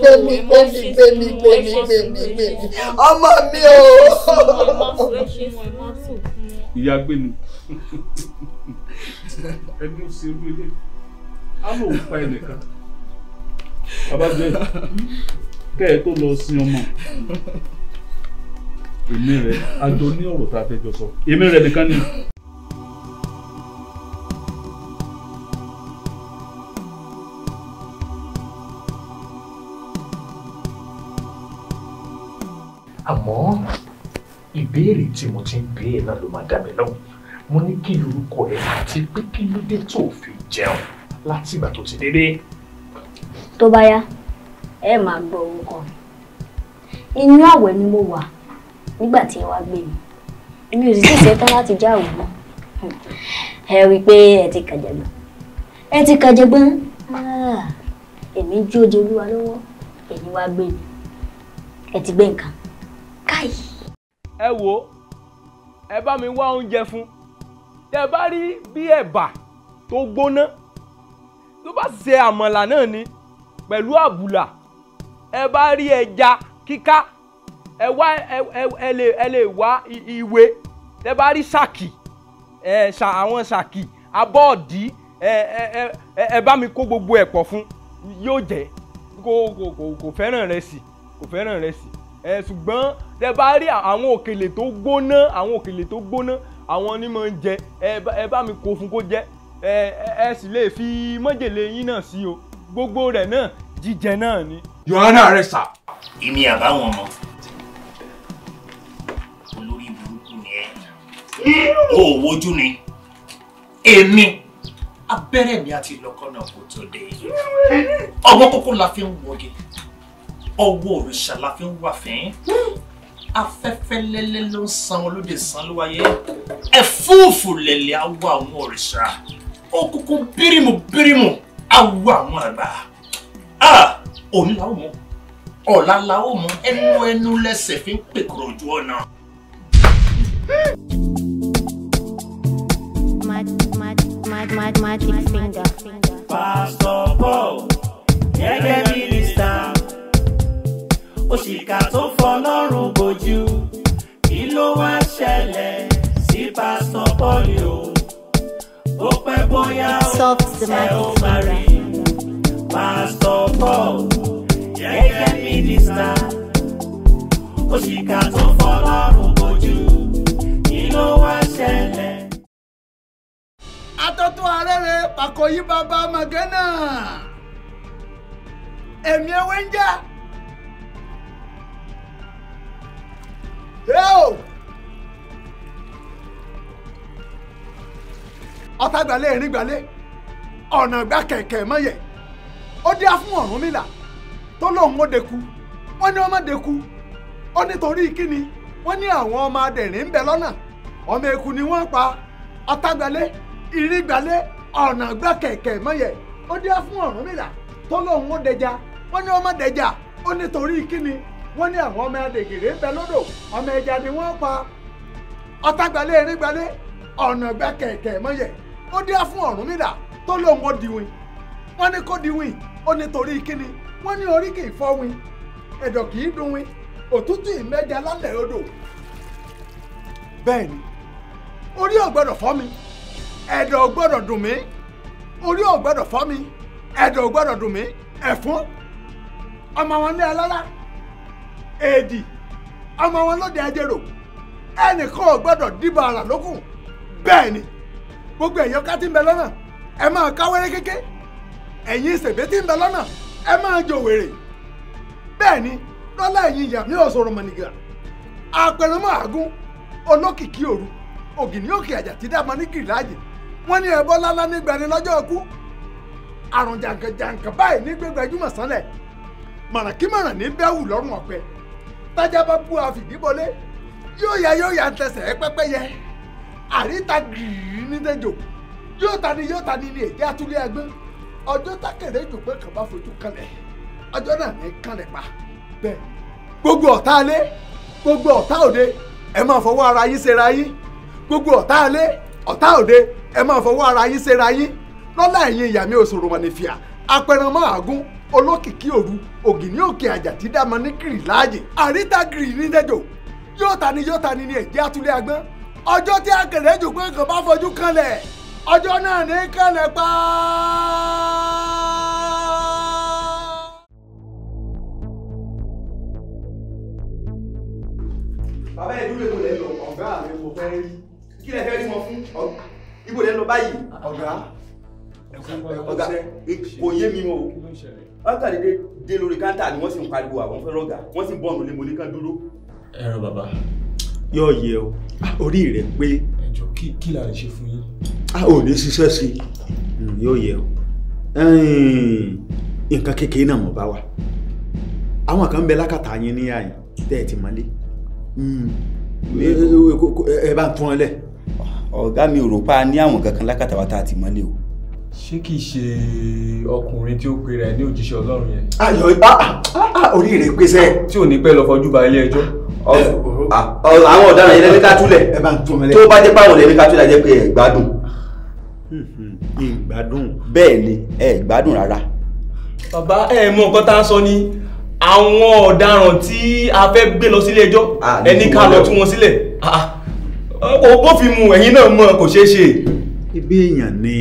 gbẹmí gbẹmí gbẹmí gbẹmí gbẹmí gbẹmí gbẹmí ọmọ mi o. ìyá gbẹmí ẹni ó ṣe irú ilé á lò pa ẹnìkan abájọ kẹ tó lọ sin ọmọ èmi rẹ àjọ ní ọ̀rọ̀ tá a fẹjọ sọ èmi rẹ nìkan ni. àmọ́ ìbéèrè tí mo ti ń béèrè náà ló máa dá mi lọ́wọ́ mo ní kí lorúkọ ẹ àti pé kí ló dé tó fi jẹun láti ìgbà tó ti dédé. tó bá yá ẹ máa gbọ́ orúkọ mi inú àwẹ̀ ni mo wà nígbà tí ẹ wá gbé mi mi ò sì tíì ṣetán láti já àwẹ̀ mọ́ ẹ rí i pé ẹ ti kàjẹ̀gbọ́n ẹ ti kàjẹ̀gbọ́n ah, èmi jó jẹ olúwa lọ́wọ́ èyí wá gbé mi ẹ ti gbé nǹkan káyì. ẹ wo ẹ bá mi wá oúnjẹ fún tẹ bá rí bí ẹ̀bà tó gbóná tó bá ṣe àmàlà náà ni pẹ̀lú àbùlà ẹ bá rí ẹja kíká ẹ wá ẹ lè ẹ lè wá ìwé tẹ bá rí ṣàkì ẹ ṣà àwọn ṣàkì abọ́ọ̀dì ẹ ẹ ẹ bá mi kó gbogbo ẹ̀ pọ̀ fún yóò jẹ́ kò kò kò fẹ́ràn rẹ̀ sí kò fẹ́ràn rẹ̀ sí ẹ ṣùgbọ́n tẹ bá rí àwọn òkèlè tó gbóná àwọn òkèlè tó gbóná àwọn ni mo ń jẹ ẹ bá mi kó fún kó jẹ ẹ ẹ sì lè fi májèlé yín náà sí o gbogbo rẹ̀ náà jíjẹ náà ni. Yohana rẹ sà. èmi àbáwọn ọmọ olórí burúkú ni ẹ o wojú ni èmi abẹ́rẹ́ mi àti ìlọ́kọ́ náà kò tó dé ọgbọ́n kókó la fi ń wọge ọwọ́ òrìṣà la fi ń wà fín afẹ́fẹ́ lẹ́lẹ́ ló ń san olóde san ló wáyé ẹ̀fúùfù lẹ̀lẹ̀ awọ àwọn òrìṣà òkùnkùn bírímù bírímù awọ àwọn àgbà òní la mọ ọ̀la la mọ ẹnu ẹnu lẹ́sẹ̀ fi ń pèkúrò ojú ọ̀nà. Magic finger. Pastor Paul, gẹ́gẹ́ bí Mr òṣìkà tó fọlọ́run bojú kí ló wá ṣẹlẹ̀ sí pásítọ̀ Bọ́ọ̀lì o ó pẹ́ bóyá ó ṣe ó máa rí pásítọ̀ Bọ́ọ̀lù gẹ́gẹ́ mínísítà òṣìkà tó fọlọ́run bojú kí ló wá ṣẹlẹ̀. atọ́tún arére pàkóyí bàbá màgánà èmi ẹwẹ́ ń jà. ọ̀tá gbalẹ̀ ẹ̀rín gbalẹ̀ ọna gba kẹ̀kẹ́ mọ́yẹ̀ ó díá fún Ọ̀rúnmìlà tó lóun ó deku wọ́n ní ọmọ deku ó nítorí kíni wọn ní àwọn ọmọ adẹ̀rín ń bẹ lọ́nà ọmọ eku pa fún tó lóun ó ní ọmọ wọ́n ní àwọn ọmọ adègèrè ń bẹ lódò ọmọ ẹja ni wọ́n pa ọ̀tàgbálẹ̀ erégbálẹ̀ ọ̀nà gbẹ kẹ̀kẹ́ mọ́yẹ̀ ó dé fún Ọ̀rúnmìlà tó lóun ó diwìn wọ́n ní kó diwìn ó nítorí kíni wọ́n ní orí kì í fọ́wìn ẹ̀dọ̀ kì í dunwin òtútù ìmẹ́ja lálẹ́ odò bẹ́ẹ̀ ni orí ò gbọ́dọ̀ fọ́ mi ẹ̀dọ̀ ò gbọ́dọ̀ dùn mí orí ò gbọ́dọ̀ fọ́ mi ẹ̀dọ̀ ò gbọ́dọ̀ dùn mí ẹ̀fún ọmọ wọn ní alára eji ọmọ wọn lóde ajérò ẹnìkan ò gbọ́dọ̀ dìbò àrà lókùn bẹ́ẹ̀ ni gbogbo èèyàn ká ti ń bẹ lọ́nà ẹ máa káwéré kéké ẹ̀yin ìṣègbè ti ń bẹ lọ́nà ẹ máa jò wèrè bẹ́ẹ̀ ni lọ́lá ẹ̀yin ìyá mi ò sọ̀rọ̀ mọ̀nìgà olókìkí òru ògìní òkè àjà ti ní ní ẹbọ lálá ọkú àrùn jàǹkàjàǹkà báyìí ní ní bẹ́ẹ̀ wù lọ́rùn tájà bá bú àfìdíbọlé yóò yá yóò yá tẹsẹ̀ pẹ́pẹ́yẹ àríta gìrì ní dẹjọ́ yóò ta ni yóò ta ni ni èdè àtúlẹ̀ ẹgbẹ́ ọjọ́ tákèrè ìjòpẹ́ kan bá fojú kanlẹ̀ ọjọ́ náà ní kanlẹ̀ pa bẹ́ẹ̀ gbogbo ọ̀tá alẹ́ gbogbo ọ̀tá òde ẹ máa fọwọ́ ara yín ṣera yín gbogbo ọ̀tá alẹ́ ọ̀tá òde ẹ máa fọwọ́ ara yín ṣera yín lọ́lá ẹ̀yin ìyá òṣòro mọ̀ nífìà apẹran olókìkí òru ògìní òkè àjà tí dá mọ ní kiri láàyè àríta kiri ní dẹjọ yóò ta ni yóò ta ni ni ẹ̀jẹ̀ àtúlẹ̀ àgbọn ọjọ́ tí akẹ̀lẹ́ jò pé nǹkan bá fojú kanlẹ̀ ọjọ́ náà ní kanlẹ̀ pa. bàbá ìlú lè mo lè lọ ọ̀gá mi mo fẹ́ rí kí lè fẹ́ rí wọn fún ibo lè lọ báyìí ọ̀gá ọ̀gá kò yé mi mọ́ o wọ́n kàn dédé dé lórí káńtà ni wọ́n sì ń pariwo àwọn fẹ́ rọ̀gà wọ́n sì bọ́ọ̀nù lé mo ní kán dúró. ẹ ràn bàbá. yóò yẹ o orí rẹ pé. ẹ jọ kí kí la lè ṣe fún yín. a ò ní ṣiṣẹ́ sí i hmm, yóò yẹ o nǹkan kékeré náà mọ̀ bá wa àwọn kan ń bẹ lákàtà yín ní àyè tẹ́ ẹ ti mọ́lé hmm, eh, eh, eh, ẹ bá ń fún ọ lẹ. ọ̀gá mi ò rò pa ní àwọn kankan lákàtà wa tá a ti mọ́lé o ṣé kìí ṣe ọkùnrin tí ó pera ẹ ní òjíṣẹ́ Ọlọ́run yẹn. ayọ̀ ah, ah, ah, orí rẹ̀ pèsè. tí ò ní pẹ́ lọ fojú ba ilé ẹjọ́. àwọn ọ̀daràn yẹn lẹ́ni ká túlẹ̀ tó bá jẹ́ páwọn lẹ́ni ká túlẹ̀ jẹ́ pé ẹ̀ gbádùn. Hmm, hmm, ìgbádùn. bẹ́ẹ̀ ni ẹ̀ gbádùn rárá. bàbá ẹ mọ nǹkan tá a sọ ni àwọn ọ̀daràn tí a fẹ́ gbé lọ sílé ẹjọ́ ẹni ká lọ tú wọn sílẹ̀ kò bófin mu ẹ̀yin náà mọ̀ kò ṣeé ṣe ibi èèyàn ni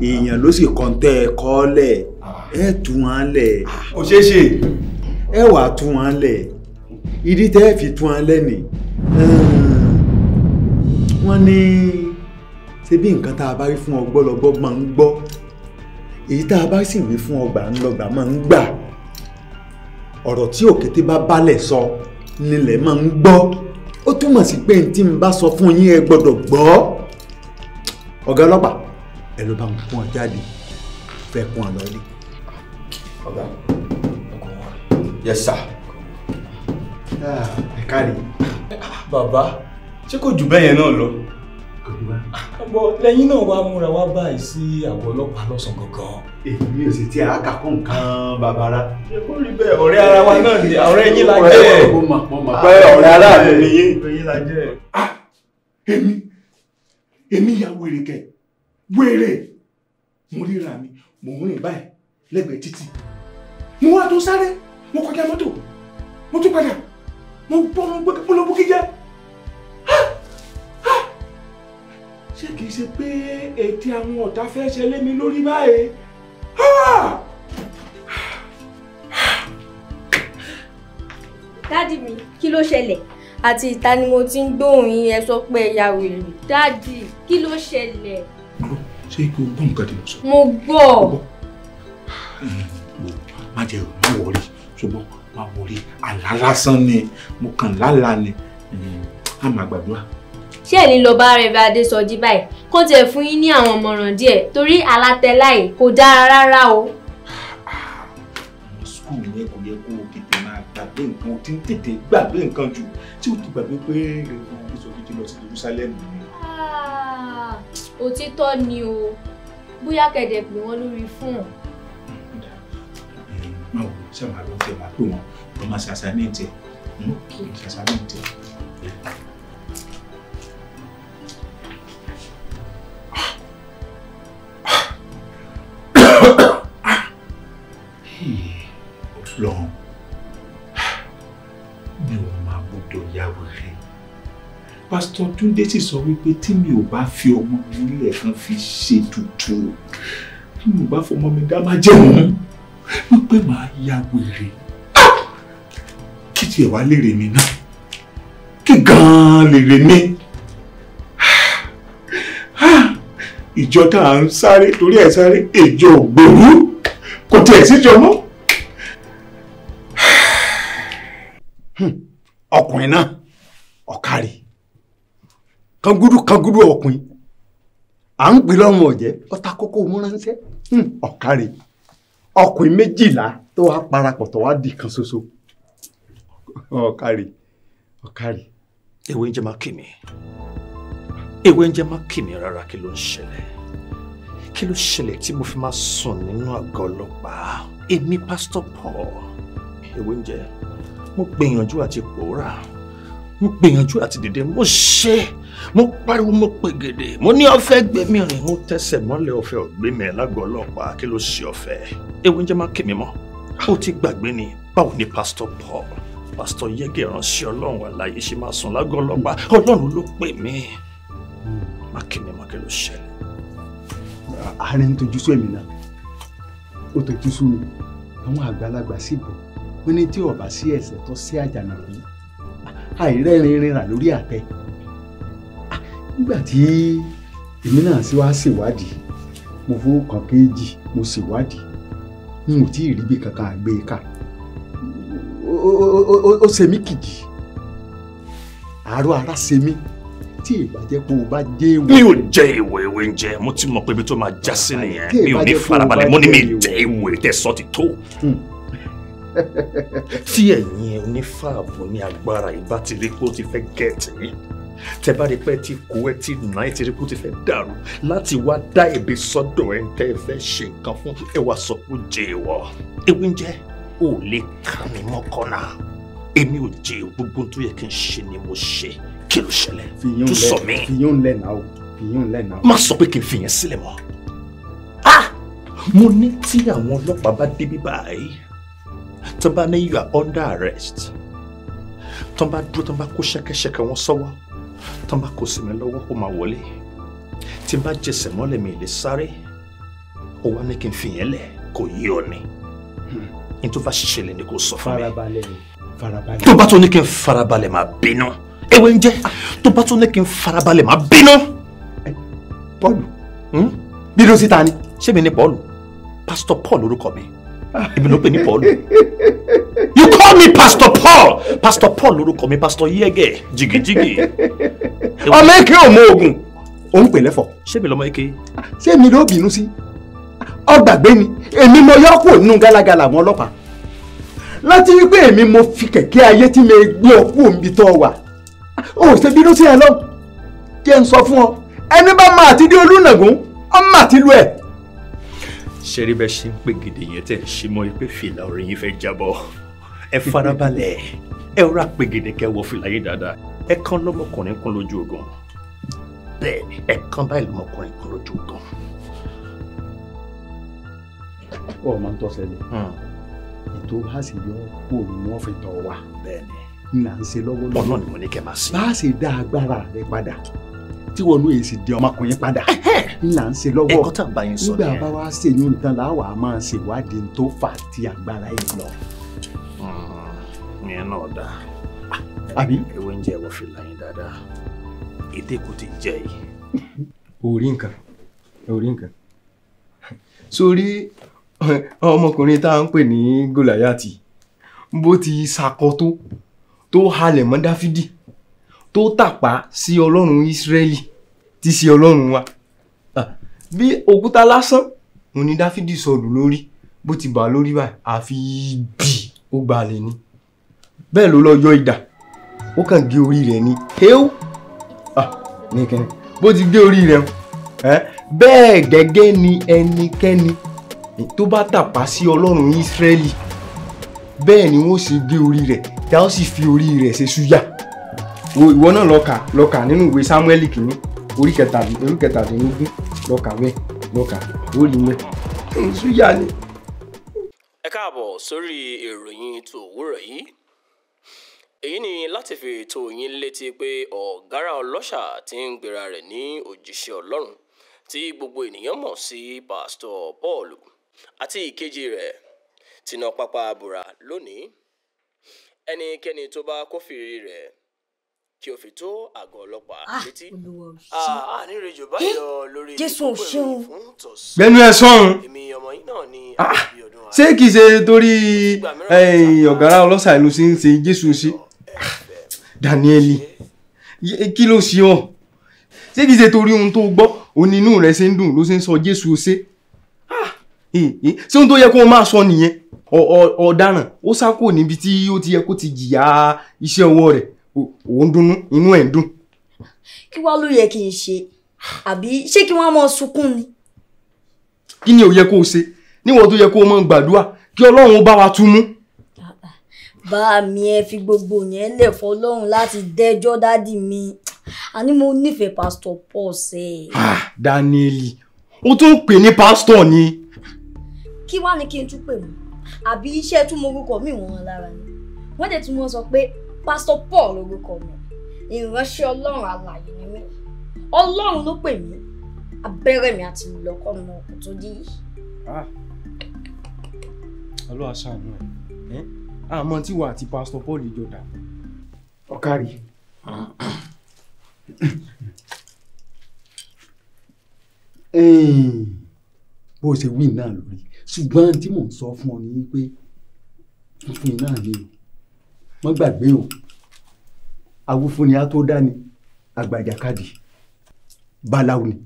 èèyàn ló sì kọ́ńtẹ́ ẹ kọ́ọ́lẹ̀ ẹ tú wọn lẹ̀. kò ṣeé ṣe. ẹ wàá tú wọn lẹ̀ ìdí tẹ́ ẹ fi tú wọn lẹ́nì wọ́n ní ṣe bí nǹkan tá a bá rí fún ọgbọ́ lọ́gbọ́ máa ń gbọ́ èyí tá a bá sì wí fún ọgbà ńlọgbà máa ń gbà ọ̀rọ̀ tí òkété bá balẹ̀ sọ nílẹ̀ máa ń gbọ́ ó túmọ̀ sí pé n tí bá sọ fún yín ẹ gbọ́dọ̀ gbọ́ ọ̀gá ọlọ́pàá ẹ ló bá ń kún ọ jáde fẹ́ kún ọ lọ́lé. ọ̀gá ọkọ̀ wọn. yes sir. Ah, ẹ káre. bàbá ṣé kò jù bẹ́ẹ̀ yẹn náà lọ. kò jù bá. àbọ̀ lẹ́yìn náà wàá múra wá báyìí sí àgọ́ ọlọ́pàá lọ́sàn-án gangan. èmi ò sì ti àákà kún nǹkan bàbára. ṣé kò rí bẹ́ẹ̀ ọ̀rẹ́ ara wa náà ni ọ̀rẹ́ yín la jẹ́. ọ̀rẹ́ yín la ah èmi èmi ya wèrè kẹ wèrè mo ríra mi mo rìn báyìí lẹ́gbẹ̀ẹ́ títì mo wá tó sáré mo kọjá mọ́tò mo tún padà mo bọ́ mo gbé mo lọ bókí jẹ́ ṣé kìí ṣe pé ètè àwọn ọ̀tá fẹ́ ṣe lé lórí báyìí. dádì mi kí ló ṣẹlẹ̀ àti ìta ni mo ti ń gbóhùn yín ẹ sọ pé ẹ̀yà wèrè. dáàdì kí ló ṣẹlẹ̀. ṣé kí gbọ́ nǹkan tí mo sọ. mo gbọ́. mo má jẹ́ má wọrí ṣùgbọ́n má wọrí àlá lásán ni mo kàn lálà ni a máa gbàdúrà. ṣé ẹ̀ ní lọ bá rẹ̀ bí adésọjí báyìí kó tiẹ̀ fún yín ní àwọn ọmọràn díẹ̀ torí alátẹ̀láì kò dára rárá o skul yẹn kò yẹ kó o tètè máa gbàgbé nǹkan o ti ń tètè gbàgbé nǹkan jù tí o ti gbàgbé pé ìrìnàjò ìgbésọ̀ gidi lọ sí Jerusalem. òtítọ́ ni o bóyá kẹ̀dẹ̀ pè wọ́n lórí fóònù. máa wò ṣe máa lọ tẹ̀ máa pè wọ́n wọ́n máa ṣe àṣàmẹ́ǹtì ẹ̀ ṣe àṣàmẹ́ǹtì ẹ̀. lọ́hùn. gbọ́dọ̀ ya wèrè pásítọ̀ Túndé sì sọ wípé tí mi ò bá fi ọmọ mi nílẹ̀ kan fi ṣe tutù tí mi ò bá fọmọ mi dá má jẹun wípé màá ya wèrè ah! kí tiẹ̀ wá lèrè mi náà kí gan-an lèrè mi ah! ah! ìjọ tá à ń sáré torí ẹ̀ sáré ìjọ ògbòrú kò tiẹ̀ síjọ mọ́. Hmm. ọkùnrin náà ọ̀kárì kangudu kangudu ọkùnrin à ń gbé lọ́rùn ọ̀jẹ́ ọ̀tá kókó múránṣẹ́ hmm, ọ̀kárì ọkùnrin méjìlá tó wá parapọ̀ tó wá di kan ṣoṣo ọ̀kárì ọ̀kárì. ewé ń jẹ́ máa kì mí èwe ń jẹ́ máa kì mí rárá kí ló ń fi máa sùn nínú àgọ́ ọlọ́pàá èmi pásítọ̀ mo gbìyànjú àti pòórà mo gbìyànjú àti dìde mo ṣe mo pariwo mo pègèdè mo ní ọ̀fẹ́ gbẹ̀mí rìn mo tẹsẹ̀ mọ́lẹ̀ ọ̀fẹ́ ọgbẹmí ẹ lágọọ ọlọ́pàá kí ló ṣe ọ̀fẹ́ ewu ń jẹ má kèmí mọ́ ó ti gbàgbé ni báwo ni pásítọ̀ Paul pásítọ̀ yẹgẹ ránṣẹ́ Ọlọ́run àlàyé ṣe máa sùn lágọọ ọlọ́pàá Ọlọ́run ló pè mí má kèmí mọ́ kí ló ṣẹlẹ̀. àárín tó jú sómi náà ó tó jú sómi àwọn àgbàlagbà sì bọ̀ wọ́n ní tí ọba sí ẹsẹ̀ tó sí àjànàkú àìrẹ́rin rìnrà lórí àtẹ ah, nígbà tí èmi náà sì wá ṣèwádìí mo fowó kan kéèjì mo ṣèwádìí n ò tí ì ríbi kankan àgbé e kà ó ṣe mí kìjì àárọ̀ ara ṣe mí tí ìbàjẹ́ kó o bá jẹ́ ìwé. mi ò jẹ ìwé ìwé ń mo ti mọ̀ pé ibi tó máa já sí nìyẹn mi ò ní farabalẹ̀ mo ní mi jẹ ìwé tẹ̀sán ti tó. Hmm tí ẹ̀yin onífààbò ní agbára ìbá ti rí pé ó ti fẹ́ gẹ̀ẹ́tì tẹ bá rí pé ti kó ẹ ti nà ẹ ti rí pé ó ti fẹ́ dàrú láti wá dá ẹ̀bi sọ́dọ̀ ẹ tẹ́ ẹ fẹ́ ṣe nǹkan fún ẹ wá sọ pé ó jẹ ìwọ ewé ń jẹ ò lè kà mí mọ́kànnà èmi ò jẹ gbogbo tó yẹ kí n ṣe ni mo ṣe kí ló ṣẹlẹ̀ tó sọ mí. má sọ pé kí n fìyẹn sílẹ̀ mọ́ ah! mo ní tí àwọn ọlọ́pàá bá débi báyìí tó bá ní you are under arrest tó bá dúró tó bá kó ṣẹ́kẹ́ṣẹkẹ̀ wọn sọ́wọ́ tó bá kó sí mi lọ́wọ́ ó máa wọlé tí bá jẹsẹ̀ mọ́lẹ̀ mi lè sáré ó wá ní kí n fi yẹn kò yí ọ ni n tó bá ṣẹlẹ̀ ni kò sọ fún mi farabalẹ̀ farabalẹ̀ tó bá tó ní kí n farabalẹ̀ máa bínú ewé ń jẹ́ tó bá tó ní kí n farabalẹ̀ máa bínú. Paul hmm? bí ló sì ta ni ṣé mi ni Paul pásítọ̀ Paul lórúkọ mi èmi pè ní Paul you call me pastor Paul pastor Paul lórúkọ mi pastor yege jigijigi. ọmọ èké ò mọ ogun òun pè lẹ́fọ̀. ṣé mi lọmọ èké. ṣé mi ló bínú sí ọgbàgbé ni èmi mo yọ kúrò nínú gálágalà àwọn ọlọ́pàá láti wípé èmi mo fi kẹ̀kẹ́ ayé tí mi gbé ọ kúrò níbi tó wà ó ṣe bínú sí ẹ lọ jẹ́ ń sọ fún ọ ẹni bá máa ti dé olùnàgún ọmọ àti lu ẹ̀ ṣe rí bẹ́ẹ̀ ṣe ń pè gèdè yẹn tẹ̀ ṣe mọ́ pé fìlà orí yín fẹ́ jábọ́ ẹ farabalẹ̀ ẹ rà pè gèdè kẹ́ wọ fìlà yín dáadáa ẹ kán lọ́mọkùnrin kún lójú ogun bẹ́ẹ̀ ẹ kán báyìí lọ́mọkùnrin kún lójú ogun. ọ̀ máa ń tọ́ ṣẹlẹ̀ hmm. ètò bá sì yọ kó o mú ọ̀fìtọ̀ wa bẹ́ẹ̀ ni là ń ṣe lọ́wọ́lọ́wọ́ ọ̀nà ni mo ní kẹ́ máa ṣe. bá a dá agbára rẹ padà tí wọn lóye sì di ọmọkùnrin padà ńlá ń ṣe lọ́wọ́ ẹ̀kọ́ tá a bá yẹn sọ nígbà bá wá ṣe yún nìkan làwọn a máa ṣe ìwádìí tó fà tí agbára yẹn lọ. Hmm, ìyẹn náà dáa àbí. ewé ń jẹ ẹwọ fìlà yín dáadáa ètè kò ti jẹ yìí. orí nǹkan orí nǹkan sórí ọmọkùnrin tá à ń pè ní gòláyàtì bó ti ṣàkọ tó tó halẹ̀ mọ́ dáfídì tó tàpá sí ọlọ́run Ísírẹ́lì tí í ṣe ọlọ́run wa ah, bí òkúta lásán òun ni Dáfídì sọlù lórí bó ti bà lórí báyìí àfi bì ó gbalẹ̀ ni bẹ́ẹ̀ ló lọ yọ idà ó kàn gé orí rẹ̀ ni heu ah, nìkan bó ti gé orí rẹ̀ bẹ́ẹ̀ gẹ́gẹ́ ni ẹnikẹ́ni tó bá tàpá sí ọlọ́run Ísírẹ́lì bẹ́ẹ̀ ni wọ́n ṣe gé orí rẹ̀ tá ó sì fi orí rẹ̀ ṣe súyà ìwọ náà lọ kà lọ kà nínú ìwé Samuel kìíní orí kẹtàdínlógún lọ kà bẹ́ẹ̀ lọ kà ó rí ni. ẹ káàbọ̀ sórí ìròyìn tó yìí èyí ni láti fi tó yín létí pé ọ̀gárá ọlọ́ṣà ti ń gbéra rẹ̀ ní òjíṣẹ́ ọlọ́run tí gbogbo ènìyàn mọ̀ sí pásítọ̀ Pọ́ọ̀lù àti ìkejì rẹ̀ tìǹà pápá búra lónìí ẹnikẹ́ni tó bá kófìrí rẹ̀ kí o fi tó àgọ́ ọlọ́pàá ah, létí. ànírejò ah, báyìí lọ eh, lórí ìdókòwò ìròyìn fún tọ̀sán. gbẹnu ẹ sọrun. èmi ọmọ yín náà ni ah, àbí ọdún ààrẹ. ṣé kìí ṣe torí ọ̀gára ọlọ́sà ìlú sí ń ṣe jésù sí danieli eh, kí ló ṣe ọ ṣé kìí ṣe torí ohun tó gbọ́ òní inú rẹ ṣe ń dùn ló ṣe ń sọ jésù ṣe eh, ṣé ohun tó yẹ kó o máa sọ nìyẹn ọ̀daràn ó sá kò níbi tí ó ti yẹ kó ti jìyà iṣẹ́ ọwọ́ rẹ̀ òun dunnú inú ẹ̀ ń dùn. kí wàá ló yẹ kí n ṣe àbí ṣé kí wọ́n máa sunkún ni. kí ni ò yẹ kó o ṣe níwọ̀n tó yẹ kó o máa gbàdúrà kí ọlọ́run bá wa tún mú. bá mi ẹ fi gbogbo yẹn lẹ̀ fọlọ́run láti dẹ́jọ́ dádì mi àní mo nífẹ̀ẹ́ pásítọ̀ Paul ṣe. Danieli o tún pè ní pásítọ̀ ni. kí wàá ní kí n tún pè mọ́ àbí iṣẹ́ tún mo orúkọ mi wọ́n lára ni wọ́n dẹ̀ tún mọ́ sọ pé pásítọ̀ Paul lórúkọ mi ìránṣẹ́ Ọlọ́run alààyè ni mí Ọlọ́run ló pè mí abẹ́rẹ́ mi àti ìlọ́kọ́ mi kò tó dí. Ọlọ́run aṣáájú ẹ̀ àmọ́ tí wà àti pásítọ̀ Paul jọ dà. ọ̀kárí. bó o ṣe wí náà lórí ṣùgbọ́n tí mò ń sọ fún ọ ni pé fún iná mi o wọ́n gbàgbé o awúfúnni á tó dání àgbàjàkadì báláwo ni.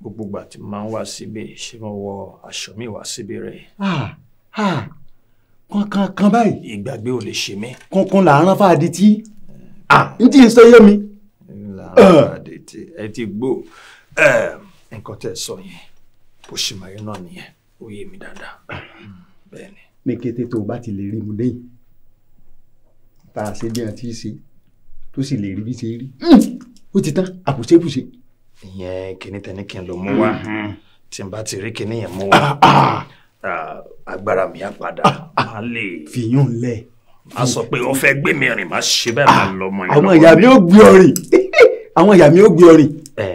gbogbo ìgbà tí máa ń wá síbi ṣé mo wọ aṣọ mi wá síbi rẹ. kankan kan báyìí. ìgbàgbé ò lè ṣe mí. kankan là ń rán fáadé tí ah. n tí ì sọ yé mi. ẹ ti gbó nǹkan tẹ́ sọ yẹn bó ṣe máa rí náà nìyẹn ó yé mi dáadáa ní kété tó o bá ti lè rí mu lẹ́yìn tá a ṣe bí wọn ti ṣe tó sì lè rí bí ṣe rí hmm. ó ti tán àkùṣebùṣe. ìyẹn kìíní tẹni kí n lọ mú hmm. wa hmm. tí n bá ti rí kìíní yẹn mú wa ah, ah. agbára mi á padà ah, má lè. fìyún lẹ. a sọ pé ó fẹ́ gbé mi rìn má ṣe bẹ́ẹ̀ má lọ mọ ìlú. àwọn ìyá mi ò gbé ọ rìn àwọn ìyá mi ò gbé ọ rìn. ẹ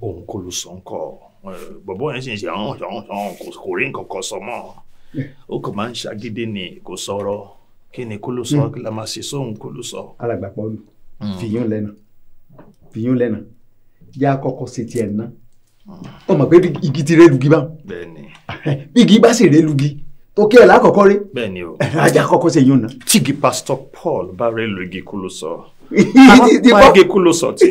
òun kò lù sọ nǹkan bọ̀bọ̀ yẹn sì ń ṣe ọ̀hún ọ̀hún kò rí nǹkan kan sọ mọ́ eh. ó kò máa ń ṣàgídé ni kò sọ̀rọ̀ kí ni kó ló sọ hmm. kí la máa ṣe sóhun kó ló sọ. alàgbà Pọ́ọ̀lù hmm. fìyún lẹ́nà fìyún lẹ́nà yá kọ́kọ́ ṣe tiẹ̀ ná ó hmm. mọ̀ pé igi ti rẹ́ lugi bá igi bá sì rẹ́ lugi tó kí ẹ̀ lákọ̀ọ́kọ́ rí ajá kọ́kọ́ ṣe yún ná. tígi pásítọ̀ Paul bá rẹ́ lu igi kó ló sọ àwọn igi kó ló sọ tí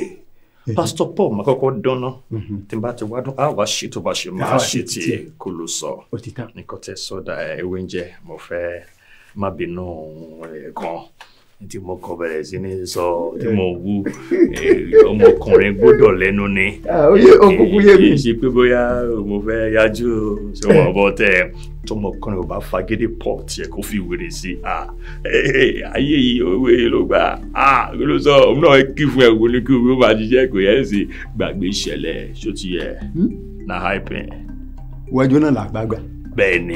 pásítọ̀ Paul máa kọ́kọ́ dáná mm-hmm. tí n bá ti wá dún á wá ṣe bá ṣe máa ṣe tiẹ̀ kó ló sọ nǹkan tẹ sọ́dà ewé ń mo fẹ́ má bínú ẹ̀ẹ̀kan eh, tí mo kọ bẹ̀rẹ̀ sí ní sọ tí eh. mo wú eh, ọmọkùnrin gbọ́dọ̀ lẹ́nu ni òkùnkùn ah, yé mi. ṣe pé bóyá mo fẹ́ yájú ṣé wọ́n bọ́ tẹ tọmọkùnrin ò bá fagídí pọ̀ tiẹ̀ kó fi wèrè sí i ayé yìí òwe ló gbà ló sọ òun náà kí fún ẹ̀ wọ́n ní kí wọ́n máa ṣiṣẹ́ kò yẹn sì gbàgbé ìṣẹ̀lẹ̀ ṣó ti yẹ hmm? na hype. wájú náà làgbà gbà. bẹ́ẹ̀ ni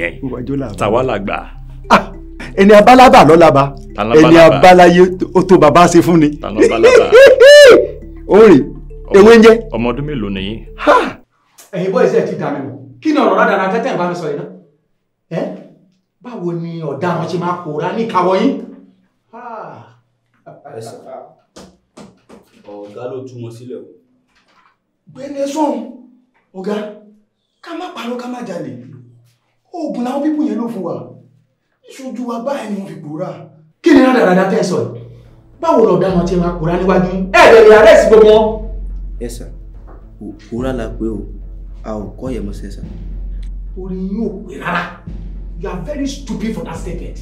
tàwa làgbà. Ah! ẹni abálábà lọ́laba ẹni abáláyé tó bàbá ṣe fún ni orin ewé ń jẹ́. ọmọ ọdún mélòó nìyí. ẹ̀yin bọ́ ìṣe ti dà mí o kí ni ọ̀rọ̀ ládàá tẹ́tẹ́ ìbá mi sọ yìí náà báwo ni ọ̀daràn ṣe máa pòórá ní ìkàwọ́ yín. ọ̀gá ló tú wọn sílẹ̀ o. gbẹ́ni sọ́hun ọ̀gá ká má parọ́ ká má jalè oògùn làwọn pípù yẹn ló fún wa ṣojú wa báyìí ni wọ́n fi pòórá. kí ni rádàràdà tẹ́ sọ yìí báwo lọ̀dá wọn ti máa pòórá níwájú ẹ̀ẹ́dẹ̀rẹ̀ ààrẹ ìsìnkú wọn. ẹ sà pòórá la pé o a ò kọ́ yẹn mọ́sẹ̀ sà. orí yóò pè rárá you are very stupid for that statement.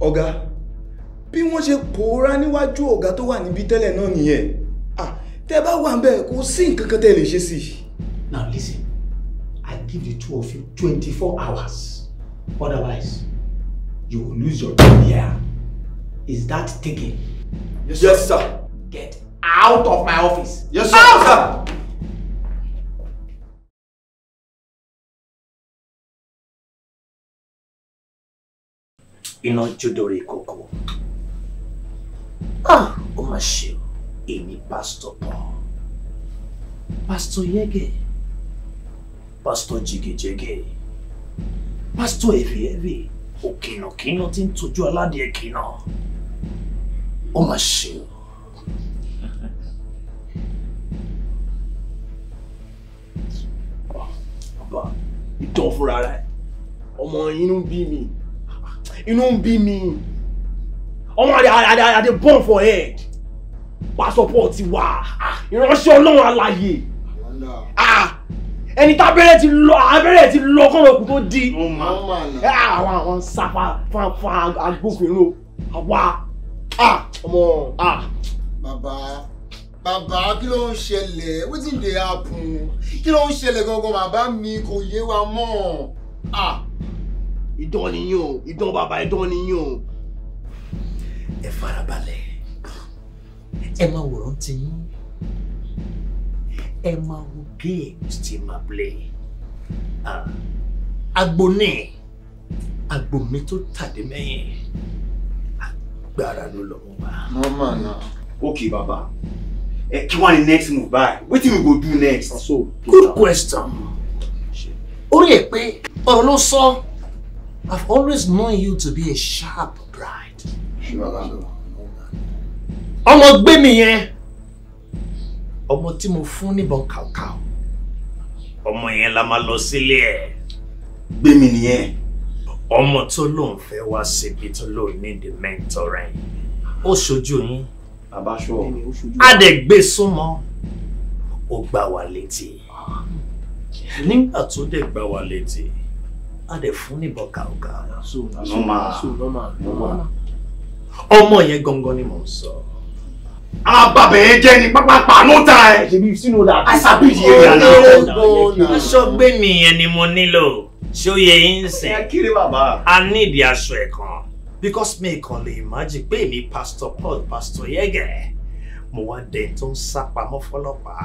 ọ̀gá bí wọ́n ṣe pòórá níwájú ọ̀gá tó wà níbi tẹ́lẹ̀ náà nìyẹn tẹ́ bá wà ń bẹ̀ kò sí nǹkan kan tẹ́ lè ṣe sí i. now listen i give the two of you twenty-four hours otherwise you will lose your job Is that taken? Yes, yes, sir. Get out of my office. Yes, sir. Out! sir. iná jó dórí ah ó mà ṣe o Pastor pásítọ̀ Paul pásítọ̀ Yege pásítọ̀ jìgìjẹgẹ pásítọ̀ Evieve òkìnàkìnà tí ń tọ́jú aládìẹ kìnà ó mà ṣe o. bàbá ìtàn fúnra rẹ ọmọ inú ń bí mi inú ń bí mi ọmọ adé born for head wàá support wa ìránṣẹ́ ọlọ́run àlàyé ẹni tábẹ́rẹ́ ti lọ abẹ́rẹ́ ti lọ kọ́nọ̀kù tó di àwọn àwọn sáfà fáfá agbófinró àwa ọmọ. bàbá bàbá kí ló ń ṣẹlẹ̀ wetin dey happen kí ló ń ṣẹlẹ̀ gangan bàbá mi kò yé wa mọ́ ìdán nìyẹn o ìdán bàbá ìdán nìyẹn o. ẹ farabalẹ̀ ẹ máa wòrán tiyín ẹ máa Inestimable. Ah, agbo ni, agbo mi tó tàdé mẹ́yìn, agbára ló lọ́wọ́ wa. Mama na. Okay, Baba. Eh, kí wá ni next move báyìí? Wetin we go do next? Ah, so, good question. Orí ẹ̀ pé ọ̀rọ̀ ló sọ, I've always known you to be a sharp bride. Ṣé bàbá mi wà? Ọmọ gbé mi yẹn, ọmọ tí mo fún níbọn kàwkàw ọmọ yẹn la máa lọ sílé ẹ̀. gbẹ̀mí nìyẹn. ọmọ tó lóun fẹ́ wá síbi tó lóun ní the mentoring ó ṣojú yín. bàbá aṣọ adẹ̀gbẹ́ súnmọ́ ó gbà wá létí nígbà tó dẹ̀ gbà wá létí a dẹ̀ fún níbọn kàókà. ọmọ yẹn gangan ni mò ń sọ. So, àwọn abàbẹ̀ yẹn jẹ́ ni pápápá ló ta ẹ̀. ṣèbí sínú la. àṣàbí yìí yẹn náà. aṣọ gbé nìyẹn ni mo nílò ṣé ó yẹ yín sìn. ẹ kiri bàbá. a ní ìdí aṣọ ẹ̀ kan because mi kàn lè imagine pé èmi pastor paul pastor yege mo wá dẹ̀ tó ń sá pamọ́ fọlọ́pàá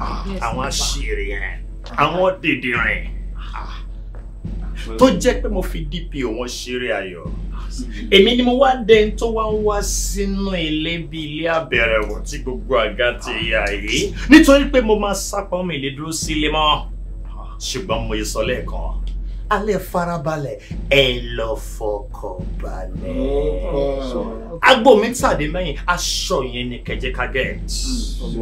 àwọn àṣírí yẹn àwọn dèdè rìn tó jẹ́ pé mo fi DPO wọn ṣeré ayọ̀ èmi ni mo wá dẹni tó wá ń wá sínú ilé bí ilé àbẹ̀rẹ̀wò tí gbogbo àga ti yà yìí nítorí pé mo máa sápá ọmọ ìlédúró sílé mọ́ ṣùgbọ́n mo yẹ sọ lẹ́ẹ̀kan alẹ́ farabalẹ̀ ẹ lọ fọkàn balẹ̀. Mm-hmm. agbo mi tàdé mẹ́yìn aṣọ yẹn ni kẹjẹ ká gẹ̀. Mm-hmm.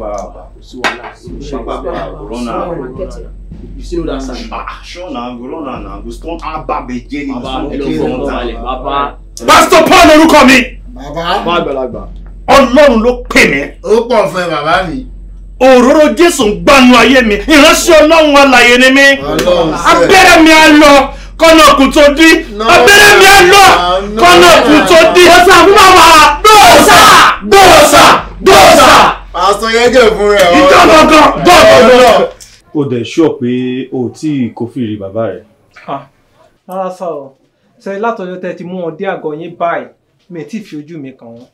You see no that sign. Ah, sure na go run na na go stone aba beje ni. Baba ẹ lọ fọkàn balẹ̀. Baba. Pastor Paul orúkọ mi. Baba. Bàbá àgbàlagbà. Ọlọ́run ló pè mí. Ó pọ̀ fún ẹ bàbá mi òróró jésù ń gbanu ayé mi ìránṣẹ́ ọlọ́run alàyè ni mi abẹ́rẹ́ mi á lọ kọ́nà kù tó dí abẹ́rẹ́ mi á lọ kọ́nà kù tó dí. bọ́sà bàbá bọ́sà bọ́sà bọ́sà. pásítọ̀ yẹn jẹ́ fún rẹ̀ ọ́. ìjọba gan gbọ́dọ̀. o dẹ̀ sọ pé o tí kófìrí bàbá rẹ̀. rárá sá o ṣe látọjọ́ tẹ́ ti mú wọn dé àgọ́ yín báyìí mi ò tí ì fi ojú mi kàn wọ́n.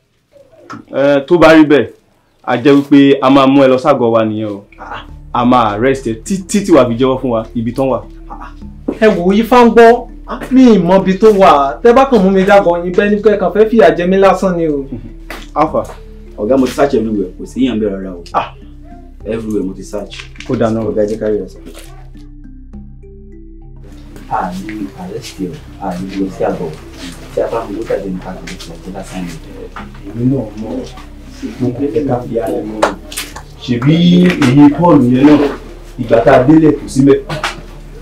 tó bá rí bẹ́ẹ̀ a jẹ́ wípé a máa mú ẹ lọ ságọ́ wa nìyẹn o a máa arrest ẹ títí tí wàá fi jẹ́wọ́ fún wa ibi tán wà. ẹ wò yí fáńgbọ́ mi ìmọ̀ ibi tó wà tẹ́ bá kàn mú mi dágọ̀ yín bẹ́ẹ̀ ni pé kàn fẹ́ fìyà jẹ mí lásán ni o. alpha. ọ̀gá mo ti search everywhere kò sí yàn bẹ́ẹ̀ rárá o ah. everywhere mo ti search. kó dáná ọ̀gá jẹ́ kárí ẹ̀sán. àní àrẹ́sì ọ̀ àní lọ sí àgọ̀ tí a bá ń gbọ́dọ̀ ẹ̀ka fi alẹ̀ mọ́ ọ ṣèbí èyí paul yẹn náà ìgbà tá a délẹ̀ kò síbẹ̀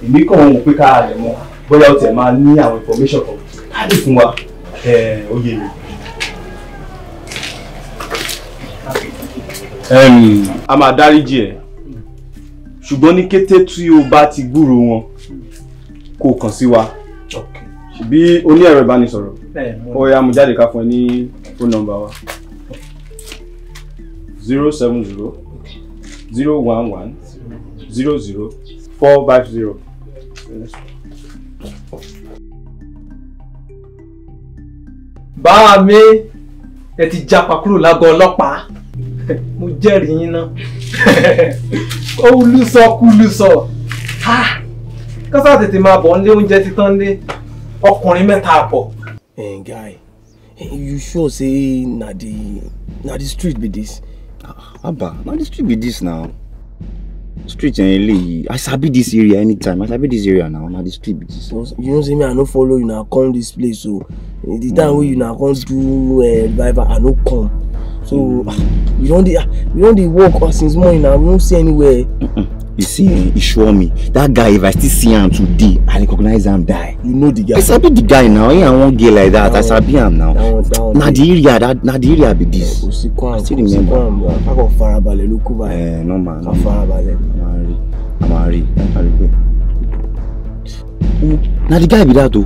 èmi kàn wọ́n pé ká alẹ̀ mọ́ bóyá ó tẹ̀ máa ní àwọn information kan káàdì fún wa oyè mi. a máa dáríjì ẹ ṣùgbọ́n ní kété tí o bá ti gbúrò wọn kó kàn sí wa ṣùgbọ́n o ní ẹ̀rọ ìbánisọ̀rọ̀ ó yá mo jáde ká fún ẹ ní fóònù nọ́mbà wa zero seven zero zero one one zero zero four five zero. bá mi ẹ ti japa kúrò lágọ̀ọ́ ọlọ́pàá mo jẹ́rìí yín ná kóòlù sọ kúlù sọ kásá tètè máa bọ̀ nílé oúnjẹ títán lé ọkùnrin mẹ́ta àpọ̀. Eh, guy eh, you sure say na the na the street be this. Abba, now the street be this now. Street and LA. I sabi this area anytime. I sabi this area now. Now the street be this. You don't see me, I no follow you now. Come this place, so the time mm. wey you now come to uh, eh, revival, I no come. So mm. Ah, we don dey ah, we don dey work ah, since morning. I no see anywhere. Mm -mm. You see, eh, he sure me. That guy, if I still see him today, I recognize him die. You know the guy. I sabi the guy now. He and one girl like that. Down, I sabi him now. Na the area that na the area be this. Yeah, I still remember. I got Farabale ló kú báyìí. Eh, no man. I'm farabalẹ̀. I'm amari, I'm pe. Na the guy be that o. Eh?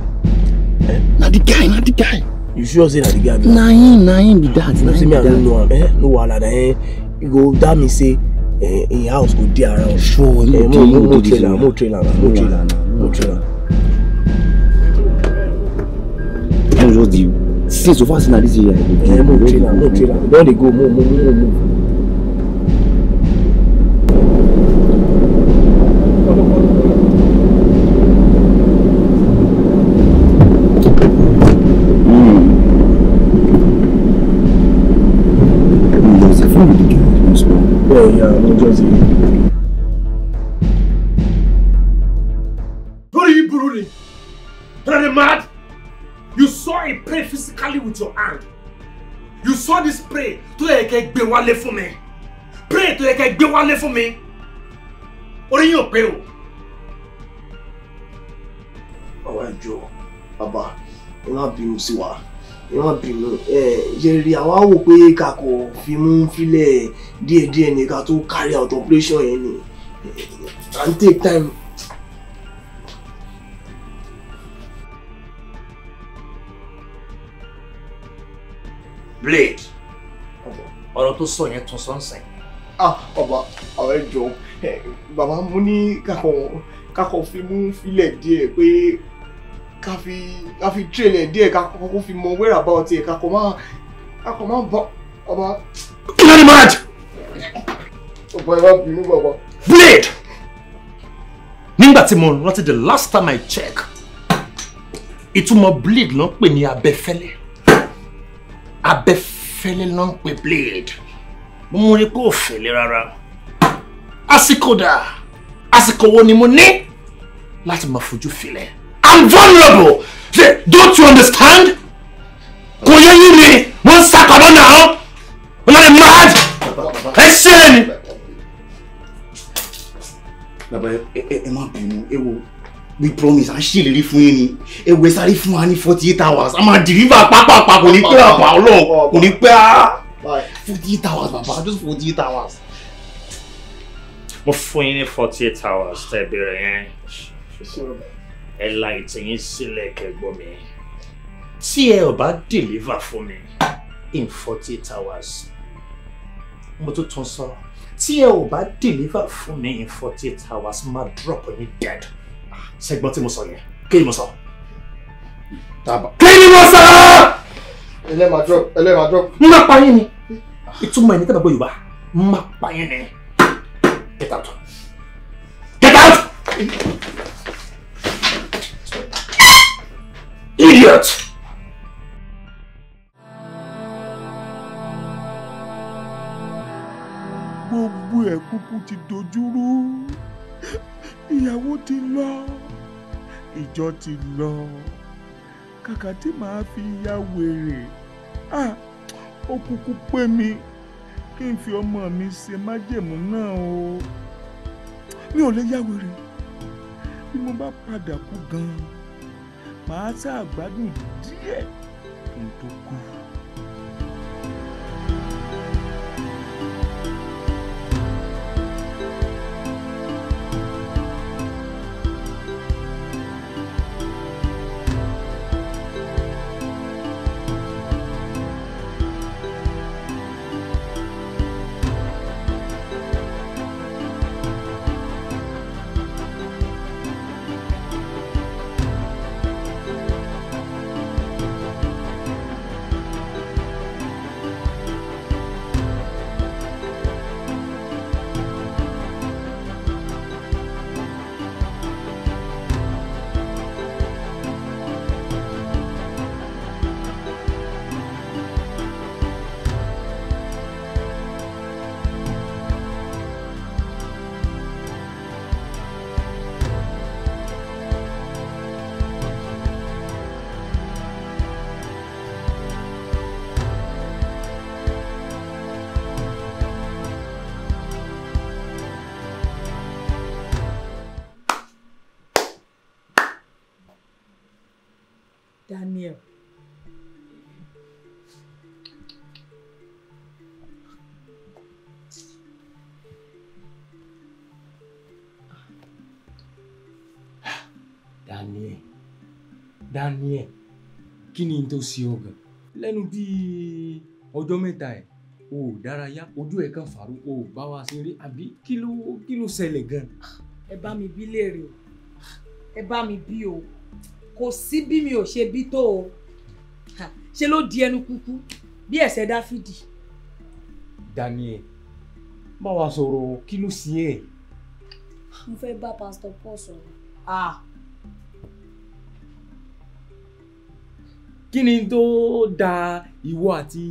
Na the guy, na the guy. You sure say na the guy be that? Na him, na him be that. Na him be that. Eh, no wahala, na him. Eh. You go tell me say Eh, in house kò dé ara wọn. ṣó o ní ìdí eh, ìlú tó di sí mi. mo trailer mo trailer mo trailer. ẹ ǹjọ́ di since o fa sinna dis year. Eh, mo trailer mo trailer don dey go mo mo mo mo. ìyá lọ́jọ́ sí. lórí ìburú ni tẹ̀lé mad you saw a prey physically with your hand you saw this prey to yẹ kẹ́ gbé wálé fún mi prey to yẹ kẹ́ gbé wálé fún mi orí yóò pé o. bàbá ìjọ bàbá ọlá bínú sí wa ìwọ̀n bínú ẹ̀ yẹ̀rì àwa wò pé ká kò fi mú filẹ̀ díẹ̀díẹ̀ ní ká tó carry out operation yẹn ni and take time. Blade ọ̀rọ̀ tó sọ yẹn tún sọ́nsẹ̀. Ah, ọba àwọn ẹjọ bàbá mo ní kakọ kakọ fi mú filẹ̀ díẹ̀ pé ká fi ká fi train ẹ̀ díẹ̀ ká kọ́kọ́ fi mọ whereabout ẹ̀ ká kọ́ máa ká kọ́ máa bọ́ ọba. ìlànà ìmọ̀ràn. ọ̀pọ̀ ẹ̀rọ bínú bàbá. blade nígbà tí mo rántí the last time I check ìtumọ̀ blade ló ń pè ní abẹ́fẹ́lẹ́ abẹ́fẹ́lẹ́ ló ń pè blade mo mú rí pé ò fẹ́lẹ́ rárá àsìkò dà àsìkò wo ni mo ní láti máa fojú filẹ̀. I'm vulnerable. Don't you understand? Kò yé yín ni wọ́n ń sàkàdọ́ náà. Wọ́n náà mad. Ẹ ṣe ni. Bàbá ẹ má bínú, ẹ wo we promise à ń ṣèlérí fún yín ni ewé sáré fún wa ní forty eight hours a máa Papa papa, kò ní pẹ́ àpá ọlọ́run kò ní pẹ́ á forty eight hours Papa. just forty eight hours. mo fún yín ní forty eight hours tẹ́ ẹ bẹ̀rẹ̀ yẹn ẹ la ìtìyín sílẹ̀ kẹgbọ́n mi tí ẹ ò bá deliver fún mi in forty eight hours mo tún tún sọ tí ẹ ò bá deliver fún mi in forty eight hours máa drop ní dead ṣẹgbọ́n tí mo sọ yẹn kí ni mo sọ. kí ni mo sọ. ẹlẹ́màá drop ẹlẹ́màá drop. n máa pa yín ni ìtumọ̀ ẹni tẹ́lẹ̀ gbọ́ yorùbá n máa pa yín ni get out get out. Idiot! gbogbo ẹ̀ kúkú ti dojúrú ìyàwó ti lọ ìjọ ti lọ kàkà tí màá fi ya wèrè ah ó kúkú pé mi kí n fi ọmọ mi ṣe májèmú náà o mi ò lè ya wèrè bí mo bá padà kú gan-an màá ṣàgbádùn díẹ̀ kí n tó kú. Daniel kí ni n tó ṣe ọ gan lẹ́nu bíi ọjọ́ mẹ́ta o ò dárayá ojú ẹ̀ kan fàrú o ò bá wa ṣeré àbí kí ló kí ló ṣẹlẹ̀ gan. ẹ bá mi bí léèrè o ẹ bá mi bí o kò sí bí mi ò ṣe bí tó o ṣe ló di ẹnu kúkú bí ẹsẹ̀ dáfídì. Daniel bá wa sọ̀rọ̀ kí ló ṣe é. mo fẹ́ bá pásítọ̀ Paul sọ̀rọ̀. ah kí ni tó da ìwọ àti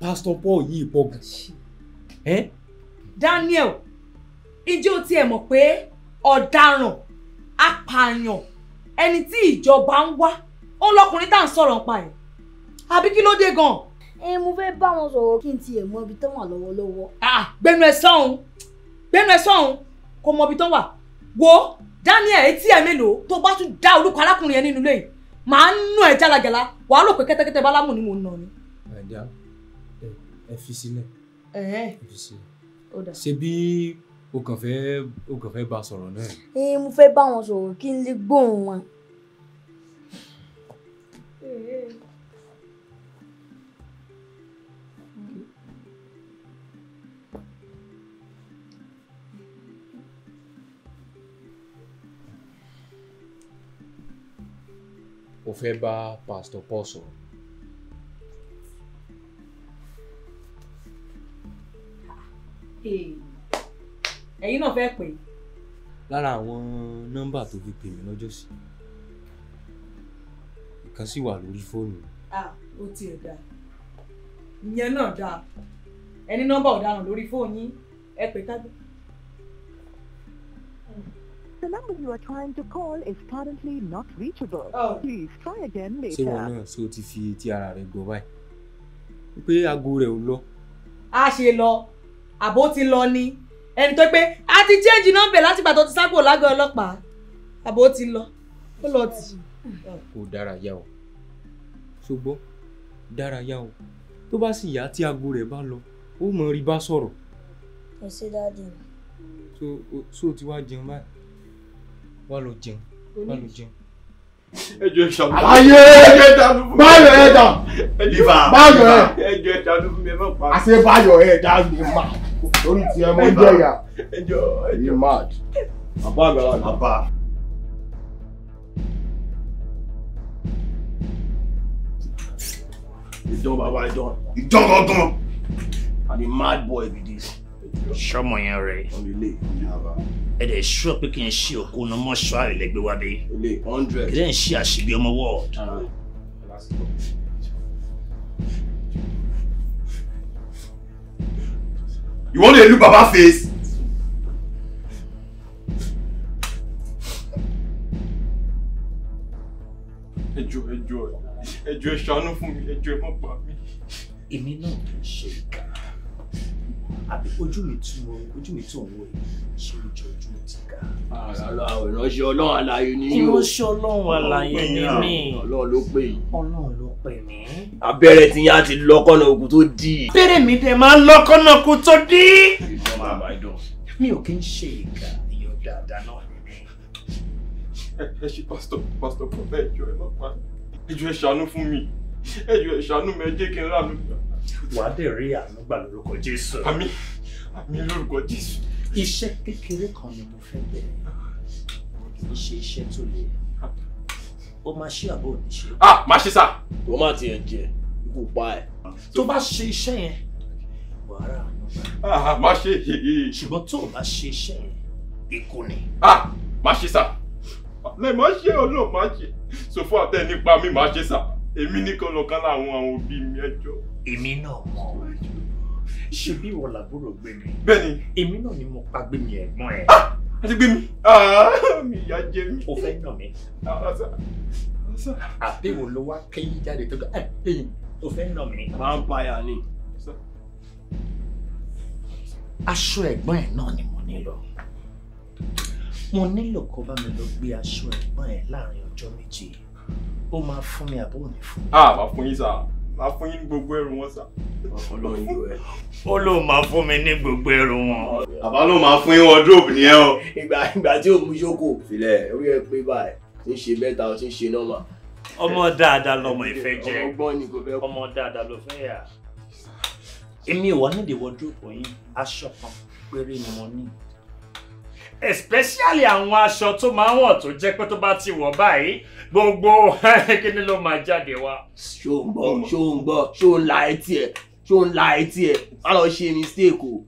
pásítọ̀ Paul yìí pọ̀ gan. Daniel ìjọ tiẹ̀ mọ̀ pé ọ̀daràn apààyàn ẹni tí ìjọba ń wá ó lọkùnrin tá à ń sọ̀rọ̀ nípa ẹ̀ àbí kí ló dé gan. ẹ mo fẹ́ bá wọn sọ̀rọ̀ kí n tiẹ̀ mọ ibi tán wà lọ́wọ́lọ́wọ́. gbẹnu ẹ sọ̀hún gbẹnu ẹ sọ̀hún kò mọ ibi tán wà wo Daniel etí ẹ mélòó tó bá tún dá olùkọ́ arákùnrin yẹn nínú ilé màá nù ẹ jálajàla wàá rò pé kẹ́tẹ́kẹ́tẹ́ bálámù ni mo nà ni. ẹ̀dá ẹ fi sílẹ̀ ẹ fi sílẹ̀ ṣe bí o kàn fẹ́ o kàn fẹ́ bá sọ̀rọ̀ náà. ẹ mo fẹ́ bá wọn sọ̀rọ̀ kí n lè gbóhùn wọn. fẹ́ bá Pastor Paul sọ̀rọ̀. ẹ̀yin náà fẹ́ pè. lára àwọn nọ́mbà tó fi pè mí lọ́jọ́ sí ìkan sì wà lórí fóònù. ó tiẹ̀ dáa ìyẹn náà dáa ẹni nọ́mbà ọ̀daràn lórí fóònù yín ẹ pè kágbé. The number you are trying to call is currently not reachable. Oh. Please try again later. Ṣé wọn náà ṣé o ti fi ti ara rẹ̀ gbọ́ báyìí? Pé aago rẹ̀ ò lọ. A ṣe lọ, àbó ti lọ ni. Ẹni tó pé a ti change nọ́mbẹ̀ láti gbà tó ti sápò lágọ̀ ọlọ́pàá. Àbó ti lọ, ó lọ tì. Kò dára yá o. Ṣùgbọ́n dára yá o. Tó bá sì yá tí aago rẹ̀ bá lọ, ó mọ̀ rí bá sọ̀rọ̀. Ẹ ṣe dáadé. So o ti wá jẹun báyìí wà ló jẹun wà ló jẹun. ẹ jọ ìṣàmù. àlàyé báyọ̀ ẹ̀ dà báyọ̀ ẹ̀ ẹ jọ ìṣàmù mi ẹ má pa. àṣé báyọ̀ ẹ̀ dà ní ma lórí ti ẹ mọ jẹ ìyá ní mad bàbá àgbàlagbà. bàbá. ìjọ bàbá ìjọ ìjọ gangan and the mad boy be this. sọmọ yẹn rẹ. ọ̀rẹ́lẹ̀ ìyá bàbá ẹ dẹ̀ ṣú ọ pé kí n ṣe òkú ọ̀nà mọ́ṣúárì lẹ́gbẹ́ wa bí. kí lẹ́yìn ṣe àṣìbí ọmọ ward. Ah. You want a look baba face? ẹjọ ẹjọ ẹjọ ẹ ṣàánú fún mi ẹjọ ẹ má pa mí. èmi náà kì í ṣe ìkà àbí ojú mi tú ojú mi tó òun ṣe ojú ojú ti ká. ìránṣẹ́ ọlọ́run àlàyé ni yóò. ìránṣẹ́ ọlọ́run àlàyé ni mí. ọlọ́run ló pè yín. ọlọ́run ló pè mí. abẹ́rẹ́ tí yá ti lọ́kọ́nà ogun tó dì. abẹ́rẹ́ mi dẹ̀ máa ń lọ́kọ́nà ogun tó dì. ìjọba àbáyọ̀. mi ò kí ń ṣe ìka ìyọ̀ dáadáa náà ni mí. ẹ ṣe pásítọ̀ pásítọ̀ pọ̀ bẹ́ẹ̀ jọ ẹ má ẹ jọ ẹ ṣàánú fún mi ẹ jọ ẹ ṣàánú mi ẹ gbà wàá dẹ̀ rí àánú gbà lórúkọ Jésù. àmín àmín lórúkọ Jésù. iṣẹ́ kékeré kan ni mo fẹ́ bẹ̀rẹ̀ kì í ṣe iṣẹ́ tó le ó máa ṣe àbò òní ṣe. ah máa ṣe sá. wọ́n máa tiẹ̀ jẹ ikú pa ẹ̀. tó bá ṣe iṣẹ́ yẹn wàhálà àánú gbà. ah máa ṣe. ṣùgbọ́n tó o bá ṣe iṣẹ́ yẹn ikú ni. ah máa ṣe sá lẹ máa ṣe ọlọ́ọ̀ máa ṣe sọ fún àtẹ nípa mi máa ṣe sà èmi nìkan lọ́kàn láwọn àwọn òbí mi ẹjọ́ èmi náà mọ̀ ọ́ ṣe bí ìwọ làbúrò gbé mi. bẹ́ẹ̀ni. èmi náà ni mo pa gbé mi ẹ̀gbọ́n ẹ̀. àti ah! gbé mi ah! mi ìyá jẹ mi. o fẹ́ nà mí. àbẹ̀wò ló wá kẹ́yìn jáde tó ga eh, o fẹ́ nà mí. máa ń pa ya ni. aṣọ ẹ̀gbọ́n ẹ̀ náà ni mo nílò mo nílò kó bá mi lọ gbé aṣọ ẹ̀gbọ́n ẹ̀ láàrin ọjọ́ méje ó máa fún mi àbó mi fún mi. a ah, fún yín sáà máa fún yín ní gbogbo ẹrù wọn sá. ó lóun máa fún mi ní gbogbo ẹrù wọn. bàbá ló máa fún yín wardrobe ni ẹ o. ìgbà ìgbà tí o mú yókò filẹ̀ orí ẹ pé báyìí ń ṣe bẹ́ta o ti ń ṣe nọ́mà. ọmọ dáadáa lọmọ ìfẹ́ jẹ ọmọ dáadáa ló fẹ́ yà. èmi ò wá nídìí wardrobe yín aṣọ kan péré ni mo ní especially àwọn aṣọ tó máa ń wọ̀ tó jẹ́ pé tó bá ti wọ̀ báyìí gbogbo kíni ló máa jáde wá. ṣó ń gbọ́ ṣó ń gbọ́ ṣó ń la etí ẹ̀ ṣó ń la etí ẹ̀ má lọ ṣe mistake o.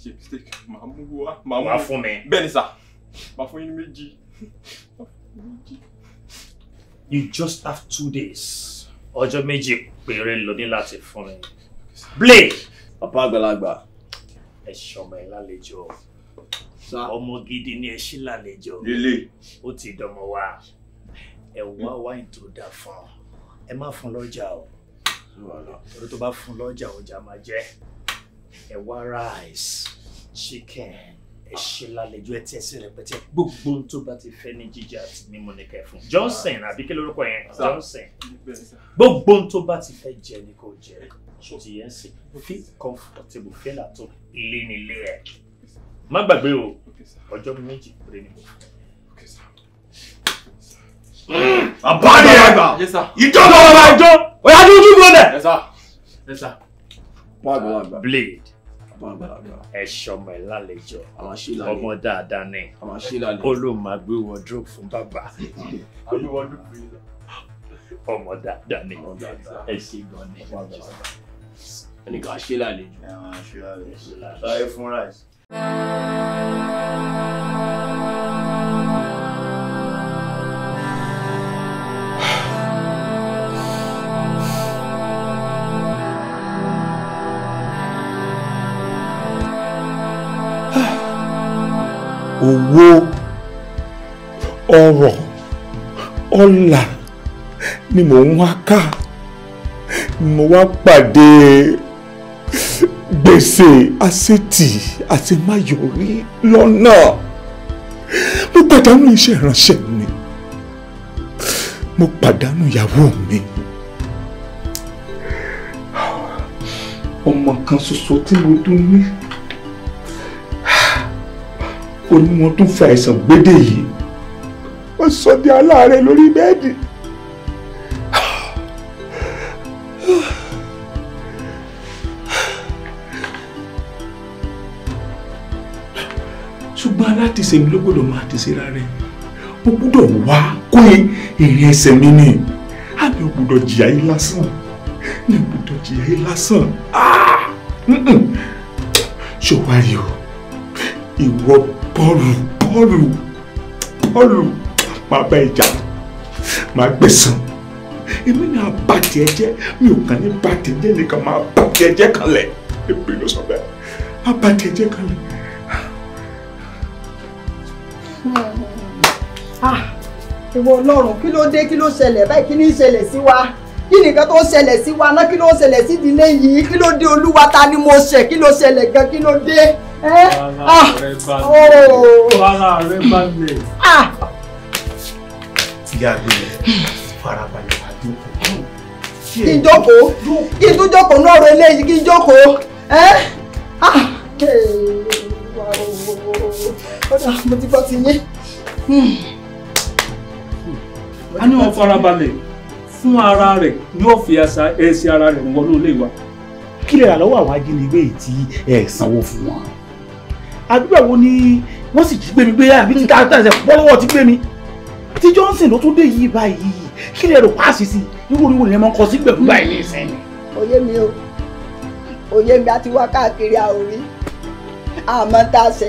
ṣe mistake màá mú wá màá mú wá fún mi. bẹ́ẹ̀ sà màá fún yín méjì. you just have two days ọjọ́ méjì péré ló ní láti fún mi. blake. bàbá àgbàlagbà. ẹ ṣọmọ ẹ lálejò ọmọ gidi ni ẹ ṣí lálejò ó ti dọmọ wa ẹ wá hmm. wáìn tó dáa fún ọ ẹ má fún lọ́jà o torí tó bá fún lọ́jà ọjà máa jẹ ẹ wá rice chicken ẹ ṣe lálejò ẹ tí ẹ sì rẹpẹtẹ gbogbo tó bá ti fẹ́ ní jíjẹ àti mímu ní fún Johnson àbí kí lórúkọ yẹn Johnson gbogbo tó bá ti fẹ́ jẹ ni kò jẹ ṣòtì yẹn sì fi comfortable feel àtọ ilé nílé ẹ má gbàgbé o ọjọ́ méjì péré ni. àbáyé àgbà ìjọ lọ́wọ́ bá ìjọ òyà tó tún gbọ́dẹ̀. blade ẹ̀ṣọ́ mọ̀ ẹ́ lálejò ọmọ dáadáa ni olùmọ̀gbé wardrobe fún bàbá ọmọ dáadáa ni ẹ ṣe gan ni. ẹnì kan ṣe lálejò. ẹ máa ṣe lálejò. ṣáyé fún rice owó ọrọ̀ ọlà ni mò ń wá ká mo wá pàdé gbèsè àṣetì àti máyọrí lọ́nà mo pàdánù iṣẹ́ ìránṣẹ́ mi mo pàdánù ìyàwó mi ọmọ kan ṣoṣo tí mo tún ní ó tún fi àìsàn gbédè yìí wọ́n sọ di aláàárẹ̀ lórí bẹ́ẹ̀dì. ti ṣe mi ló gbọ́dọ̀ máa ti ṣera rẹ̀ ó gbọ́dọ̀ wá kó èrè ẹsẹ̀ mi ni àmì ò gbọ́dọ̀ jìyà yìí lásán ní ò gbọ́dọ̀ jìyà yìí lásán ah! ṣòwárí o ìwọ bọ́ọ̀lù bọ́ọ̀lù bọ́ọ̀lù máa bá ìjà máa gbẹ̀sán èmi ni àbàtì ẹ̀jẹ̀ mi ò kàn ní bàtì ẹ̀jẹ̀ nìkan máa bàtì ẹ̀jẹ̀ kan lẹ̀ èmi ló sọ bẹ́ẹ̀ àbàtì ẹ̀jẹ̀ kan lẹ̀. Ah, ìwọ ọlọ́run kí ló dé kí ló ṣẹlẹ̀ báyìí kí ni ìṣẹlẹ̀ sí wa kí nìkan tó ṣẹlẹ̀ sí wa náà kí ló ṣẹlẹ̀ sí ìdílé yìí kí ló dé olúwa ta ni mo ṣẹ̀ kí ló ṣẹlẹ̀ gan kí ló dé. ara ah, rẹ balẹ̀. Oh. Ah. ìyá mi farabalẹ̀ wá jókòó. kí n jókòó kí n tún jókòó náà rẹ léyìí kí n jókòó wá o ọ̀dà mo ti gbọ́ ti yín. Hmm. a ní wọn farabalẹ̀ fún ara rẹ̀ ní òfin àṣà ẹ̀sìn ara rẹ̀ wọnú ilé wa. kí lè rà lọ́wọ́ àwọn ajínigbé yìí tí ẹ sanwó fún wọn. àdúrà wo ni wọ́n sì jí gbé mi gbé yá àbí títà tẹ̀sẹ̀ bọ́lọ́wọ́ ti gbé mi. tí Johnson ló tún dé yìí báyìí kí lè rò páàsì sí irú oníwò lè mọ kọ sí gbẹ̀gbẹ̀ báyìí ní ìsẹ́yìn. mi o òye mi àti wá káàkiri àórí àmọ́ tá a ṣe.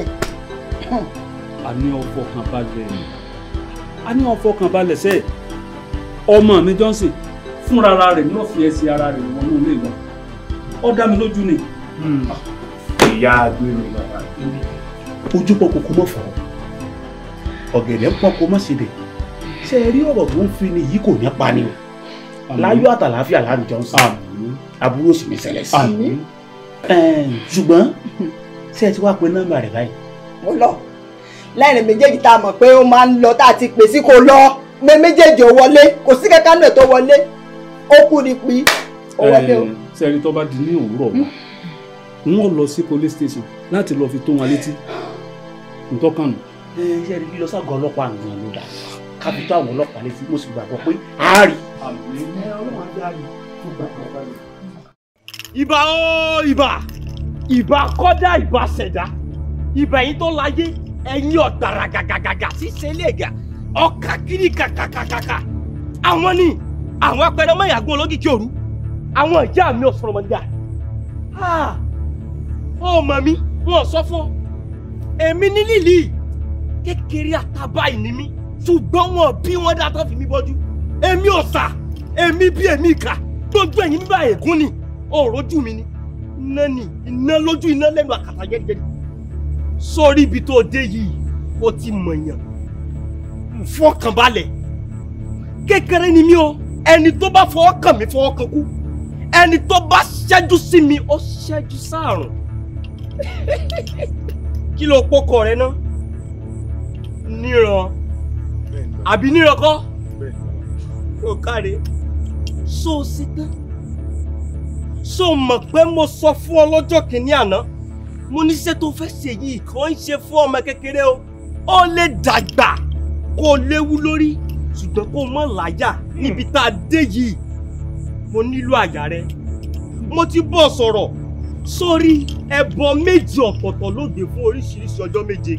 a ní ọ̀fọ̀ kan balẹ̀ a ní ọ̀fọ̀ kan balẹ̀ sẹ́ẹ̀ ọmọ mi Johnson fúnra rẹ̀ ní ọ̀fìn ẹ̀sìn ara rẹ̀ wọn ló lè wá ọ dá mi lójú ni. Hmm. Ah. ìyá agbèrè bàbá ojú pọ̀ kòkó mọ̀ fọ́ ọ̀gẹ̀dẹ̀ ń pọ̀ kó mọ̀ sí dẹ̀ ṣe rí ọ̀rọ̀ tó ń fi ni yìí kò ní pa ni o láyọ̀ àtàlàáfíà láàrin Johnson àbúrò sì ní ṣẹlẹ̀ sí i ṣùgbọ́n ṣé ẹ ti wá pe nọ́mbà rẹ̀ báyìí. mo lọ lẹ́rìn méjèèjì tá a mọ̀ pé ó máa ń lọ tá a ti pèsè kó lọ mẹ méjèèjì ò wọlé kò sí kankan náà tó wọlé ó kú ni pín ó wọlé o. sẹ́ni tó bá di ní òwúrọ̀ wa wọ́n lọ sí police station láti lọ́ọ́ fi tó wọn létí ntọ́kànnù. ẹ ṣe rí bí lọ ságọ́ ọlọ́pàá nìyẹn ló dà kápítọ̀ àwọn ọlọ́pàá létí mo sì gbàgbọ́ pé a rí. ibà ó ibà ìbá kọ́dá ìbá ṣẹ̀dá ìbá yín tó láyé ẹ̀yin ọ̀tàrà gàgàgàgà sí sẹ́lẹ̀gà ọkà kiri kàkàkàkà àwọn ni àwọn apẹrẹ mọ́ ìyàgbọ́n olókìkí òru àwọn ìjà mi ò sọ̀rọ̀ mọ́gà ọmọ mi wọn sọ fún ọ èmi ní lílì kékeré àtàbà ìní mi ṣùgbọ́n wọn bí wọn dá tán fi mi bọ́jú èmi ò sà èmi bí èmi kà gbogbo ẹ̀yìn bíbá ègún ni òòró jù mí ni iná ni iná lójú iná lẹ́nu àkàtà jẹ́jẹ́rì sórí ibi tó dé yìí ó ti mọ̀yàn fọkànbalẹ̀ kékeré ni mí o ẹni tó bá fọwọ́ kàn mí fọwọ́ kan kú ẹni tó bá ṣẹ́jú sí mi ó ṣẹ́jú sáàrùn kí ló pọkọ rẹ ná níran àbí níran kọ́ kò káre sóòsì tán ṣó o mọ̀ pé mo sọ fún ọ lọ́jọ́ kìíní àná mo níṣẹ́ tó fẹ́ ṣe yìí kò ń ṣe fún ọmọ kékeré o ó lè dàgbà kó o léwu lórí ṣùgbọ́n kó o mọ̀ láyà níbi tá a dé yìí mo nílò àyà rẹ mo ti bọ̀ sọ̀rọ̀ sórí ẹbọ méje ọ̀pọ̀tọ̀ lóde fún oríṣiríṣi ọjọ́ méje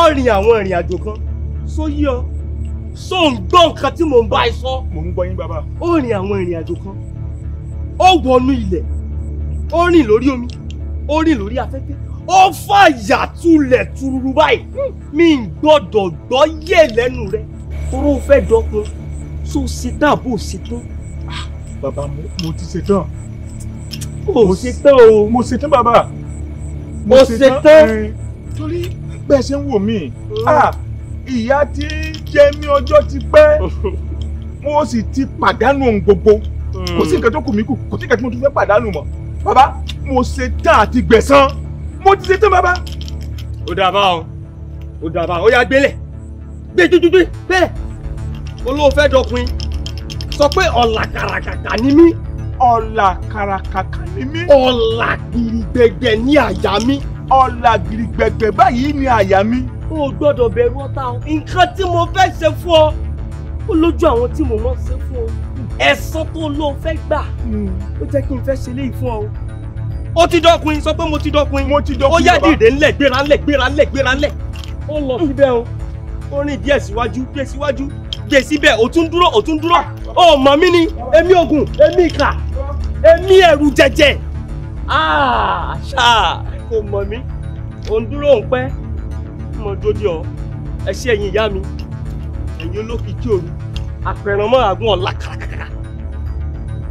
ọ̀rìn àwọn ìrìn àjò kan sóyí ọ sóun gbọ́ nǹkan tí mò ń bá ẹ sọ. mò ń gbọ́ yín bàbá. ó àwọn ìrìn àjò kan ó wọnú ilẹ̀ ó rìn lórí omi ó rìn lórí afẹ́fẹ́ ó fàyà tulẹ̀ tururu báyìí mi ń gbọ́dọ̀ gbọ́ yé lẹ́nu rẹ oró fẹ́ dọkun tó ṣetán àbò ṣetán. Ah, bàbá mo ti ṣetán. mo ṣetán o. mo ṣetán bàbá. mo ṣetán. Eh, torí bẹ́ẹ̀ ṣe ń wò mí ah, ìyà tí jẹ mí ọjọ́ ti pẹ́ mo sì ti pàdánù gbogbo. Hmm. kò sí nǹkan tó kù mí kù kò sí nǹkan tí mo tún fẹ́ pàdánù mọ́ bàbá mo ṣe tán àti gbẹ̀san mo ti ṣe tán bàbá. ó dàbà o ó dàbà o yà gbélé gbé dúdúdú bẹ́ẹ̀ olóòfẹ́ dọkùnrin sọ pé ọ̀là kàràkàtà ni mí. ọ̀là kàràkàtà ni mí. ọ̀là gbìrìgbẹ̀gbẹ̀ ní àyà mi. ọ̀là gbìrìgbẹ̀gbẹ̀ báyìí ní àyà mi. o gbọ́dọ̀ bẹ̀rù ọ̀tá o nǹkan tí mo fẹ́ ṣe fún ọ ó lójú àwọn tí mo mọ̀ ṣe fún ọ ẹ̀san tó ló fẹ́ gbà hmm, ó jẹ́ kí n fẹ́ ṣe léyìí fún ọ. ó ti dọ́kùnrin sọ pé mo ti dọ́kùnrin mo ti dọ́kùnrin bàbá ó yá dìde ńlẹ̀ gbéra ńlẹ̀ gbéra ńlẹ̀ gbéra ńlẹ̀ ó lọ hmm. síbẹ̀ o ó rìn díẹ̀ síwájú díẹ̀ síwájú díẹ̀ síbẹ̀ ó tún dúró ó tún dúró ó mọ̀ mí ni èmi ogun, èmi ìkà èmi ẹ̀rù jẹ̀jẹ̀ ah, ṣá kò mọ̀ mí òun dúró òun pẹ́ mo dóde ọ ẹ ṣé ẹ̀yin ìyá mi ẹ̀yin olókìkí òru àpẹ̀rànmọ́ àgún ọ̀la kàkàkà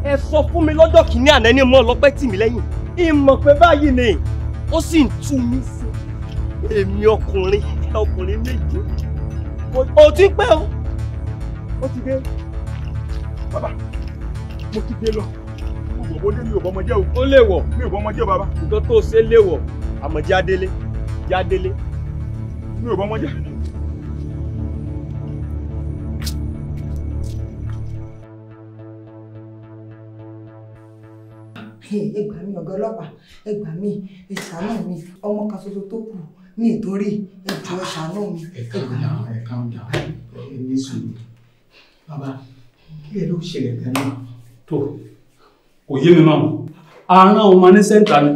ẹ sọ fún mi lọ́jọ́ kìíní àná ẹni mọ́ ọlọ́pẹ́ tì mí lẹ́yìn ìmọ̀ pé báyìí ni ó sì ń tú mi sí èmi ọkùnrin ọkùnrin méje ó ti pẹ́ o ó ti dé bàbá mo ti dé lọ mo dé mi ò bọmọjẹ o ó lè wọ mi ò bọmọjẹ o bàbá nǹkan tó ṣe lè wọ àmọ̀jẹ́ adélé jẹ́ adélé mi ò bọmọjẹ. ẹ gbà mí ọ̀gá ọlọ́pàá ẹ gbà mí ẹ ṣàánú mi ọmọ kan ṣoṣo tó kù ní ìtorí ẹ jọ ṣàánú mi. ẹ calm down ẹ calm down ẹ ní sùúrù bàbá ilé ló ṣẹlẹ̀ gan-an. tó kò yé mi mọ́ àárín ọmọ ní sẹ́ńtà ni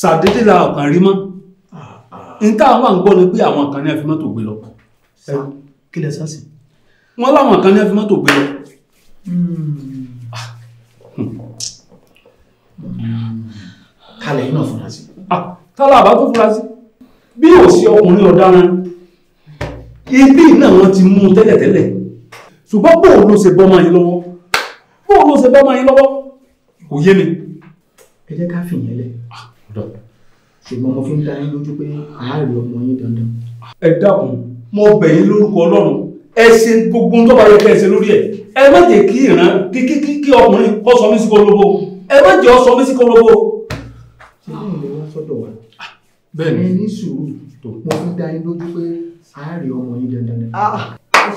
ṣàdédé la ọ̀kan rí mọ́ ah, ah. n tá àwọn àgbọ̀ ni pé àwọn kan ní ẹ fi mọ́tò gbé lọ. kí lẹ sá sí. wọ́n láwọn kan ní ẹ fi mọ́tò gbé lọ. Hmm. kalẹ̀ yìí náà fúnra sí. Ah, tálà àbá tó fúnra sí bí ò sí ọkùnrin ọ̀daràn ibi náà wọ́n ti mú un tẹ́lẹ̀tẹ́lẹ̀ ṣùgbọ́n bóun ló ṣe bọ́mọ yín lọ́wọ́ bóun ló ṣe bọ́mọ yín lọ́wọ́ kò yé mi. ẹ jẹ́ ká fìyẹn lẹ̀ ah, ṣùgbọ́n mo fi ń dá yín lójú pé àárẹ̀ ọmọ yín dandan. ẹ dákun mo bẹ̀ yín lórúkọ ọlọ́run ẹ ṣe gbogbo tó bá yẹ kẹ́ ẹ ṣe lórí ẹ̀ ẹ má jẹ́ kí ìran kí kí kí ọkùnrin kọ́ sọ mí sí kólóbó ẹ má jẹ́ ọ sọ mí sí kólóbó nínú mi wá sọ́dọ̀ wa ah, bẹ́ẹ̀ni ní sùúrù tó mo fi dá yín lójú pé a rí ọmọ yín dandan ni. Ah,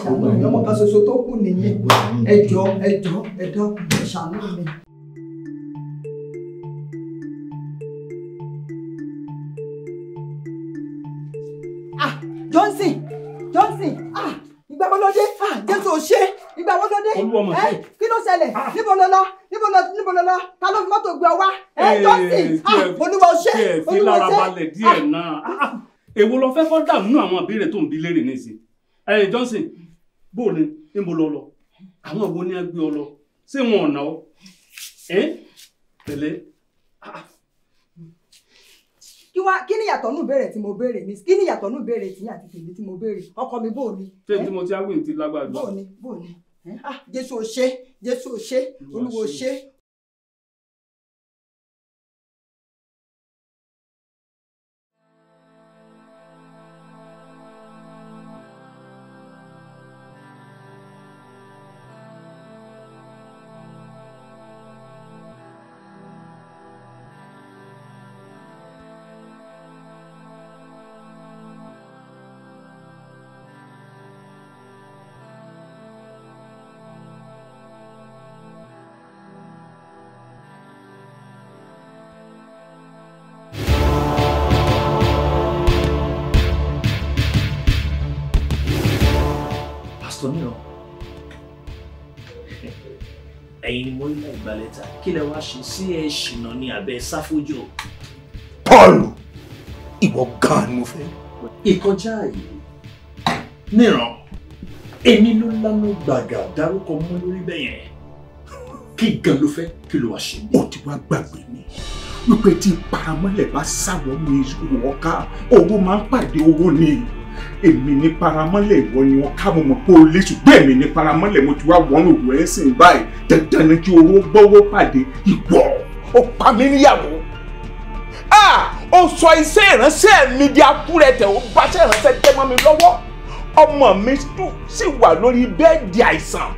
ṣàánú mi ọmọ kan ṣoṣo tó kù nìyẹn ẹ jọ̀ọ́ ẹ ṣàánú mi. Ah, Johnson Johnson ah ìgbàgbọ́ ló ah Jésù ò ṣe é ìgbà wo ló dé ẹ kí ló ṣẹlẹ̀ ah. níbo ló lọ níbo ló níbo ló lọ ta ló fi mọ́tò gbé ọ wá ẹ eh, jọ́sìn ah, olúwa ṣe olúwa ṣe. Ah. èwo ló fẹ́ kọ́ dààmú àwọn ìbéèrè tó ń bi léèrè nísìn ẹ eh, Johnson bó ni níbo ló lọ àwọn wo ni a gbé ọ lọ ṣé wọn ò ọ ẹ eh? tẹ́lẹ̀ kí wá kí ni ìyàtọ̀ nù béèrè tí mo béèrè mi kí ni ìyàtọ̀ nù béèrè tí àti tèmi tí mo béèrè ọkọ mi bò ní. ṣé tí mo ti awé ti lágbàdo. bò ní bò ní ah jésù ò ṣe jésù ò ṣe olúwo ṣe Mọ́rílá Ìgbàlẹ́ta kí lẹ wá ṣe sí ẹ ṣìnà ní abẹ́ sáfójò. Paul ìwọ gan ni mo fẹ́. ìkọjá yìí níran èmi ló lánà gbàgà dárúkọ mọ́ lórí bẹ́ẹ̀ yẹn kí gan ló fẹ́ kí ló wá ṣe. ó ti wá gbàgbé ni wípé tí paramọ́lẹ̀ bá sáwọ́ mi ìṣòro owó máa ń pàdé owó ni èmi ní paramọ́lẹ̀ ìwọ ni wọ́n ká mo mọ̀ pé o lè ṣùgbọ́n èmi ní paramọ́lẹ̀ mo ti wá wọ́n òwò ẹ̀ sìn báyìí dandan ni kí owó gbọ́wọ́ pàdé ìwọ. ó pa mí níyàwó ó sọ iṣẹ́ ìránṣẹ́ mi di akúrẹ̀tẹ̀ ó báṣẹ́ ìránṣẹ́ jẹ́ mọ́ mi lọ́wọ́ ọmọ mi sì wà lórí bẹ́ẹ̀dì àìsàn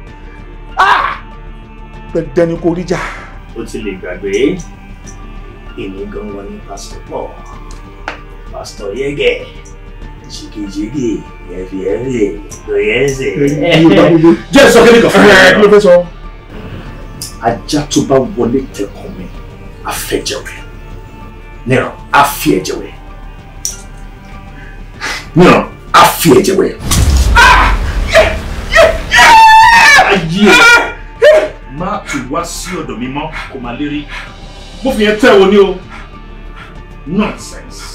dandan ni kò rí jà. ó ti lè gbàgbé èmi gan-an ni pásítọ̀ pọ̀ pásítọ̀ yẹ́gẹ̀ẹ́ jìgìjìgì yẹ̀fìyẹ̀fì lòyẹ̀ẹ́sì. jẹ́ sọ kébìkan fún mi. kí ló fẹ́ sọ. ajá tó bá wọlé tẹkùn mi afẹ́jẹ̀wẹ̀ nírọ̀ afẹ́jẹ̀wẹ̀ nírọ̀ afẹ́jẹ̀wẹ̀. ayé má tù wá sí ọ̀dọ̀ mi mọ́ kò má lérí mo fi yẹn tẹ́ wo ni o nonsense.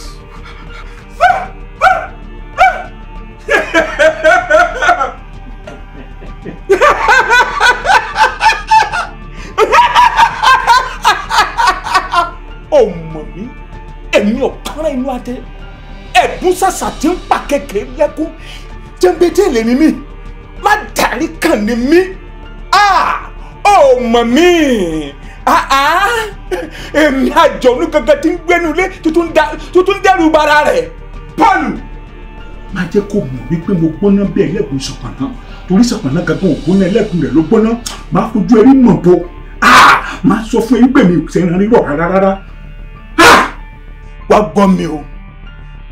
kété ẹ̀dùn sàṣà tí ń pa kékeré lẹ́kún jẹ́ńbẹ́jẹ́ lè ní mí má dàrí kàn ní mí ó mọ̀ mí èmi àjọ̀nú gangan tí ń gbénu lé tuntun ń dẹ́rù bara rẹ̀ pọ́ọ̀lù. má jẹ́ kó mọ̀ wípé mo gbóná bí ẹlẹ́gùn ìṣọ̀pàná torí ìṣọ̀pàná gangan ògbóná ẹlẹ́gùn rẹ̀ ló gbóná má fojú ẹrí mọ̀ bọ́ má sọ fún ẹgbẹ́ mi ò sẹ́ran rírọ̀ rárá rárá. wá gbọ́ mi o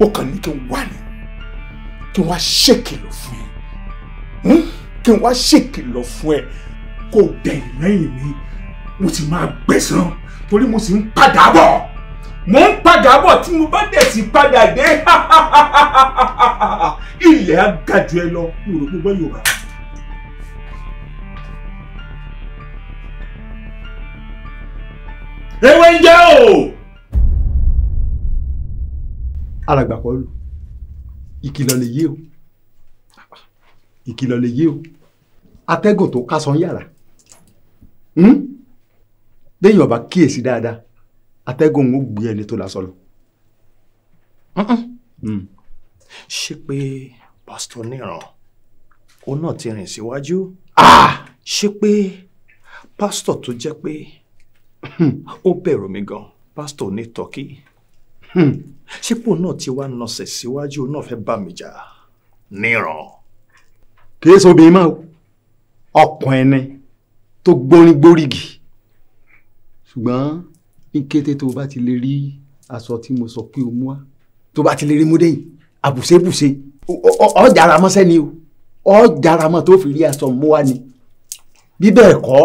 ó kàn ní kí n wá ní kí n wá ṣèkìlọ̀ fún ẹ hmm? kí n wá ṣèkìlọ̀ fún ẹ kó dẹ̀yìn lẹ́yìn mi mo sì máa gbẹ̀san torí mo sì ń padà bọ̀ mo ń padà bọ̀ tí mo bá dẹ̀ sí padà dé ilẹ̀ á ẹ lọ mo gbogbo Yorùbá. ewé ń jẹ́ o alàgbàpọ̀ lù ìkìlọ̀ lè yé o ìkìlọ̀ lè yé o atẹ́gùn tó ká san yàrá lẹ́yìn hmm? ọba kíyèsí dáadáa atẹ́gùn ń gbé ẹni tó lásán lọ. Hmm. ṣé pé pásítọ̀ níran òun náà ti rìn síwájú ah! ṣé pé pásítọ̀ tó jẹ́ pé hmm. ó bẹ̀rù mi gan pásítọ̀ ní tọ́kì sípò náà ti wá nọsẹ̀ síwájú náà fẹ́ bá mi jà níran. kìí ṣe obìnrin máa ọkàn ẹni tó gbórin gbórígì ṣùgbọ́n ní kété tó bá ti lè rí aṣọ tí mo sọ pé o mú wá tó bá ti lè rí mú dé yìí àbùṣebùṣe ọjà ara mọ́sẹ́ ni o ọjà ara mọ́ tó fi rí aṣọ mú wá ni bí bẹ́ẹ̀ kọ́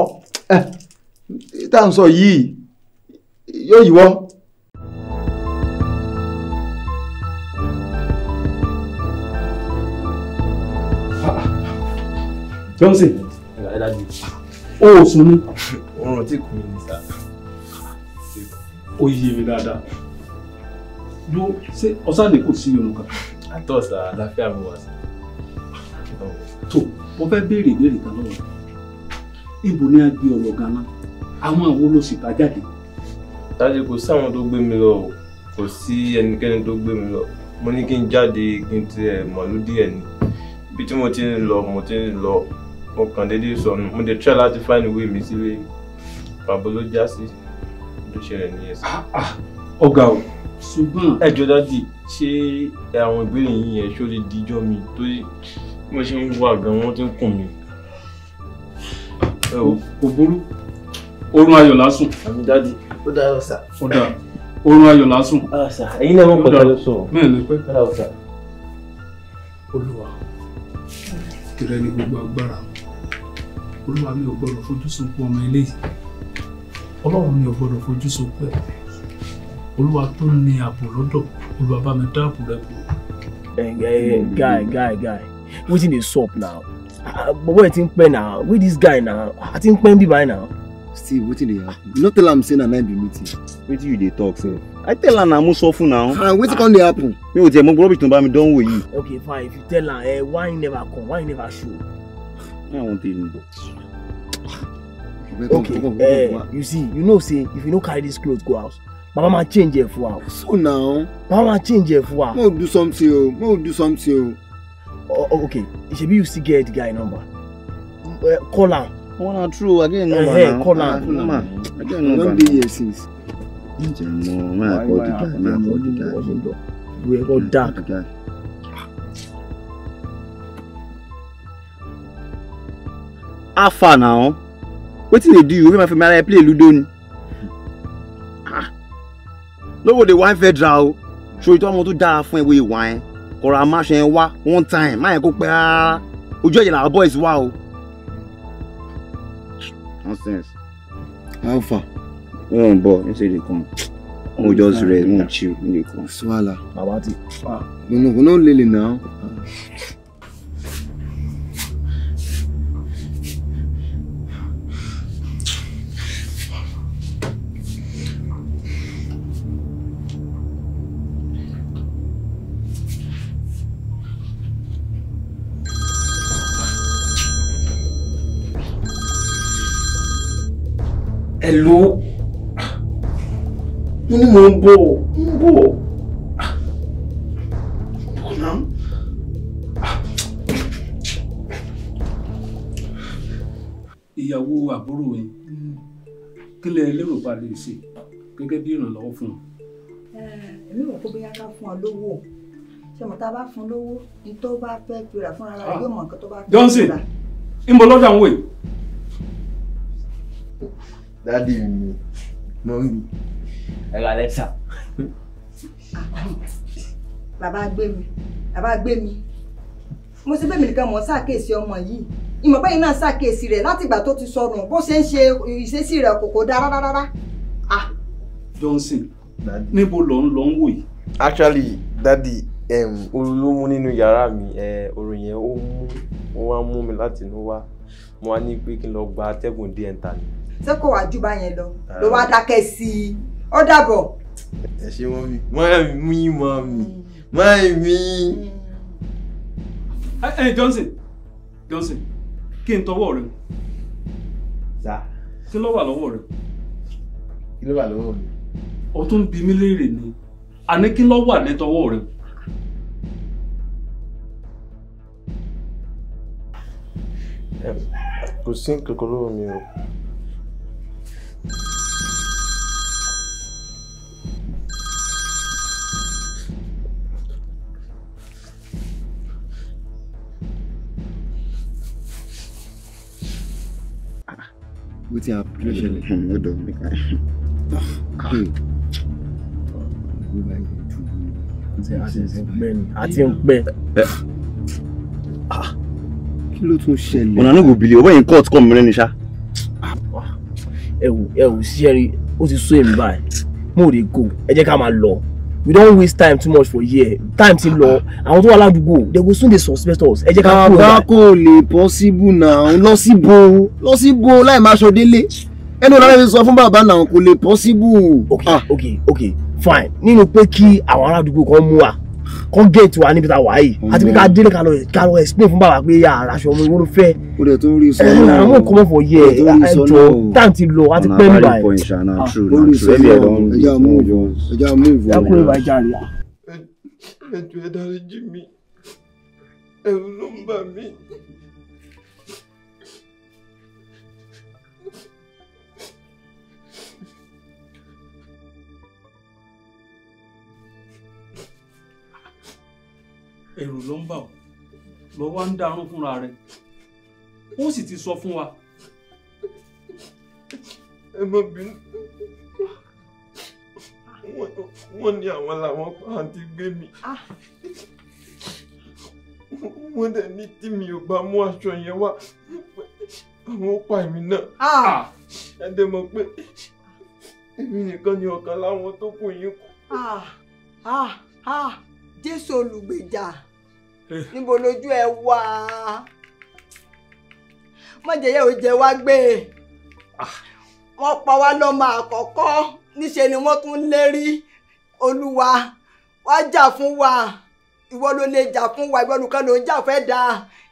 tá à ń sọ yìí yóò yíwọ́. Johnson. Ẹ dájú. O ò sùn ní. Oorun tí kò ní ní sá. Ó yé mi dáadáa. Dúró ṣé ọ̀sán ni kò sí irun kan? Àtọ̀ sá àlàáfíà mi wà sí. Tó mo fẹ́ béèrè ìbéèrè kan lọ́wọ́. Ibo ni a gbé ọ̀rọ̀ gan-an? Àwọn àwo ló sì bá jáde. Tájú kò sáwọn tó gbé mi lọ o. Kò sí ẹnikẹ́ni tó gbé mi lọ. Mo ní kí n jáde kí n tiẹ̀ mọ̀lú díẹ̀ ni. Ibi tí mo ti ń lọ, mo ti ń mo kàn déédéé sọnù mo dé try láti find way mi sílé pàbó ló já sí ló ṣẹlẹ̀ ní ẹsẹ̀. Ah, ah, ọ̀gá o ṣùgbọ́n ẹjọ́ dájú ṣé àwọn ìbéèrè yìí yẹn ṣó lè díjọ́ mi torí bí mo ṣe ń wà gan wọ́n ti ń kùn mí. kò burú oorun ayọ̀ lásùn. àmì dájú ó dára sà. ó dára oorun ayọ̀ lásùn. Ah, ẹ̀yin náà mọ̀ pẹ̀lú sọ̀rọ̀. mẹ́rin lè pẹ́. olúwa tìrẹ ni gbogbo agbára mi olúwa mi ò gbọdọ̀ fojú sunkún ọmọ eléyìí ọlọ́run mi ò gbọdọ̀ fojú sunkún ẹ̀ olúwa tó ní ààbò lọ́dọ̀ olúwa mi dáàbò rẹ̀ kù. Eh, eh, guy guy guy wetin dey sup now bobo ti n pẹ na wey dis guy na ati n pẹ n bi by now. steve wetin dey happen you no tell am say na nine be meeting. wetin you dey talk sef. i tell am na mo sọ fún na. ah wetin come dey happen. mi ò tiẹ̀ mọ rubbish tó bá mi dánwò yìí. okay fine if you tell am eh, why he never come why he never show. I want even go. Okay, uh, you see, you know, say if you no carry this clothes go house, Baba ma change here for her. So now, Baba ma change here for her. Mo do something, o. Mo do something, o. Oh, oh okay, shebi you still get the guy number. Uh, call am. One and true again number. Uh, hey, call am. Number. Again number. Don dey here since. Ǹjẹ́ mo máa kọ́ dídá? Máa kọ́ dídá. Wẹ́ẹ́ kọ́ dark. how far now wetin dey do you wey my family i play ludo ni ah no go dey wine federal o ṣòro tí wọn mọ tó dára fún ẹ wo ìwà ẹ kọrọ àmàṣe one time má yẹ kó pẹ́ rárá ojú ẹ̀jẹ̀ làwọn boys wá o nonsense how far wọn ò bọ ní sèé dey come wọn ò just rest wọn ò chill ní dey come. swala baba ti fa. no no no lele na. hello mo ní mò ń bọ̀ ń bọ̀ bọ̀ náà. ìyàwó àbúrò yín kí lẹ lérò bá lè ṣe gẹ́gẹ́ bí ìrànlọ́wọ́ fún un. èmi rò pé bóyá ká fún ọ lówó ṣọmọ tá a bá fún lówó ní tó bá fẹ́ pera fúnra rẹ yóò mọ nǹkan tó bá fẹ́ pera. Johnson ń bọ̀ lọ́dọ̀ àwọn èèyàn. Daddy, mi mọ́mí ẹ̀rọ alexa. bàbá gbé mi bàbá gbé mi mo ti bẹ́ẹ̀ mi nìkan mọ̀ ọ́ ṣàkíyèsí ọmọ yìí ìmọ̀ bẹ́yìn náà ṣàkíyèsí rẹ̀ láti ìgbà tó ti sọnù bó ṣe ń ṣe ìṣesí rẹ̀ kò kò dáa rárá. Johnson níbo lọ ń lọ ń wò yìí. actually dadi oru ló mú nínú yàrá mi oru yẹn ó mú wọn wá mú mi láti inú wá mo wá ní pé kí n lọ gba atẹ́gùn díẹ̀ ń ta ni ṣé kò wá jù bá yẹn lọ ah. ló wá dákẹ́ sí i ó dàbọ̀. ẹ ṣe wọ́n mi wọ́n mi wọ́n mi wọ́n mi. ẹ Johnson Johnson kí n tọwọ́ rẹ. sa. kí ló wà lọ́wọ́ rẹ. kí ló wà lọ́wọ́ mi. o tún bi mí léèrè ni àní kí ló wà ní tọwọ́ rẹ. kò sí kòkòrò mi o bó ti àpò I don't know. I mí ká. Ah, ah. I ti ń pẹ́. Eh. Ah. kí ló tún ṣẹlẹ̀. ọ̀nà ní kò bìlì owó yẹn court kọ́ mi lẹ́nu ẹwù ẹwù ṣiṣẹ́ rí ó ti sún èmi báyìí mo dey go ẹ jẹ́ ká máa lọ we don waste time too much for here time ti lọ àwọn tó wà ládùúgbò they go soon dey suspect us ẹ jẹ́ ká kúrò náà. bàbá kò lè possible náà lọ sí bo lọ sí bo láì máa ṣọ délé ẹni ọ̀la rẹ̀ sọ fún bàbá náà kò lè possible. ok ah. ok ok fine nínú pé kí àwọn aládùúgbò kan mú wa kọ́ gẹ̀ẹ́tì wa níbi tá a wà yìí àti pé ká délé ká lọ ká lọ explain fún bàbá pé yàrá aṣọ ọmọ ìwúrò fẹ́. o de tó ń rí sọ náà àwọn nǹkan mọ̀ fọ yẹ ẹjọ táǹtì lọ àti pẹ́ nígbà yẹn. o rí sọ náà ẹja mú ìwọ ẹja mú ìwọ. ẹkùn ìwà ìjà rẹ. ẹjọ ẹ dárí jì mí ẹrù ló ń bà mí. ẹ̀rù ló ń bà wọ́n lọ wá ń darún fúnra rẹ̀ ó sì ti sọ fún wa. ẹ má bínú wọ́n ní àwọn làwọn pàǹtí gbé mi wọ́n dẹ̀ ní tí mi ò bá mú aṣọ yẹn wá àwọn ó pa èmi náà ah! Ah! ẹ dẹ̀ mọ̀ pé èmi nìkan ni ọ̀kan láwọn tó kù yín kù. Ah! jésù olùgbèjà eh. níbo lójú ẹ wá mọ̀jẹ̀yẹ ò jẹ́ wá gbé e wọ́n pa wá lọ́mọ àkọ́kọ́ níṣe ni wọ́n tún lérí olúwa wá jà fún wa ìwọ ló lè jà fún wa ìwọ nìkan ló ń jà fẹ́ dáa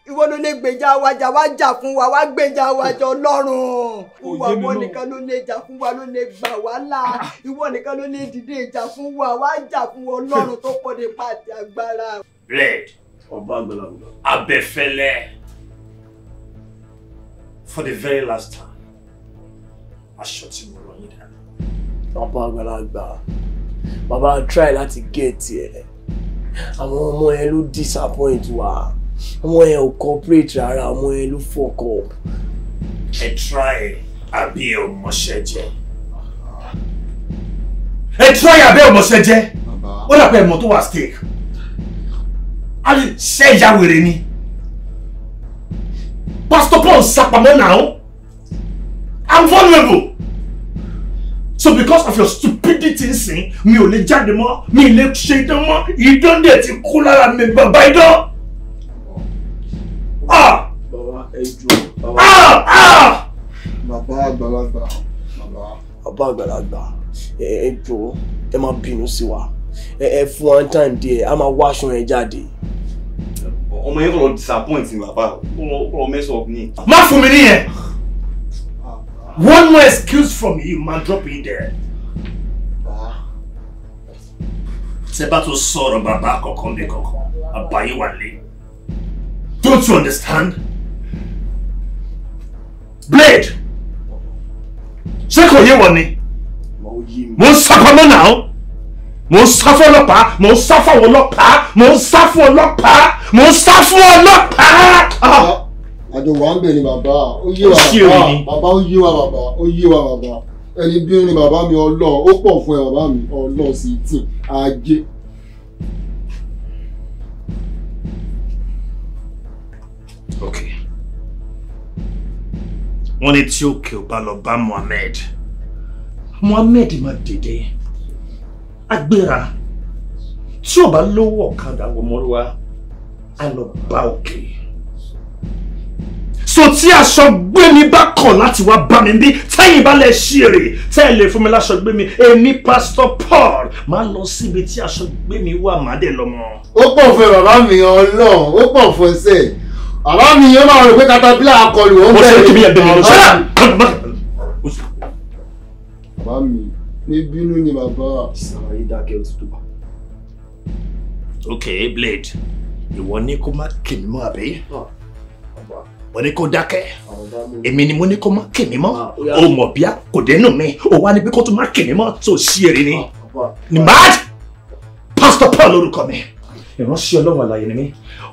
ìwọ ló lè gbèjà wájà wá jà fún wa wá gbèjà wájà ọlọ́run ìwọ àwọn nìkan ló lè jà fún wa ló lè gbà wá là ìwọ nìkan ló lè dìde ìjà fún wa wá jà fún ọlọ́run tó pọ̀ ní pàtì agbára. red ọba àgbàlagbà abẹfẹlẹ for the very last time aṣọ tí mo rọ yín dáná. ọba àgbàlagbà bàbá try láti gé tiẹ̀ àwọn ọmọ ẹ ló disappoint wa. Wow ọmọ yẹn ò cooperate rárá ọmọ yẹn ló fuck up. ẹ try àbí ẹ ò mọṣẹ jẹ. ẹ try àbí ẹ ò mọṣẹ jẹ ó dàpọ̀ ẹ̀mọ́ tó wà stake a lè ṣe ìyá wèrè ni Pastor Paul sapamọ́ náà I'm vulnerable so because of your stupidity nsìn mi ò lè jáde mọ́ mi ò lè ṣe idán mọ́ idán dẹ̀ ti kú lára mi bàbá idán bàbá ẹjọ bàbá bàbá àgbàlagbà bàbá. bàbá àgbàlagbà ẹjọ ẹ má bínú sí wa ẹ fún wa time díẹ̀ a máa wá aṣọ yẹn jáde. ọmọ yẹn kò lọ disappoint ni bàbá kò lọ mess up ni. má fún mi nìyẹn one more excuse from you man drop in there. tẹ bá tó sọ̀rọ̀ bàbá àkọ́kọ́ mi kankan àbáyé wà lẹ́yìn. Don't you understand? Blade! Ṣé kò yé wọn ni? Mo ń sá pamọ́ náà. Mo ń sá suffer ọlọ́pàá. Mo ń sá fún àwọn ọlọ́pàá. Mo ń sá fún ọlọ́pàá. Mo ń sá fún ọlọ́pàá. Ah! Àjọ wa ń bẹ̀ ni bàbá. Ó yé wa bàbá. Bàbá ó yé wa bàbá. Ó yé wa bàbá. Ẹni bí irin bàbá mi ọlọ́ọ̀. Ó pọ̀ fún ẹ bàbá mi ọlọ́ọ̀ sí tì. Ajé. Ok. Wọ́n ní tí òkè ò bá lọ bá Mohammed. Mohammed máa dìde. Agbéra. Tí ò bá lówó ọ̀kadà wọ̀mọ́rúwa, á lọ bá òkè. So tí aṣọ gbé mi bá kọ̀ láti wá bá mi bí tẹ́yìn bá lẹ̀ ṣí èrè lè fún mi láṣọ gbé mi èmi Pásítọ̀ Paul máa lọ síbi tí aṣọ gbé mi wà má dé lọ́mọ. Ó pọ̀ fún bàbá mi Ọlọ́run ó pọ̀ fún ṣe àbá mi yẹn máa rò pé katapila akọlù ó ń bẹ̀rẹ̀ bàbá mi ní bínú ni bàbá. sàmárì dákẹ́ ó ti tó bá. ok blade ìwọ ní kó má kì mí mọ́ àbí ah, mo ní kó dákẹ́ èmi ni mo ní kó má kì mí mọ́ ah, o mọ̀ bíá kò dénú mi o wá ní bí kó tún má kì mí mọ́ tó sí èrè ni ah, ni mad pastor paul orúkọ mi ìránṣẹ́ ọlọ́run àlàyé ni mí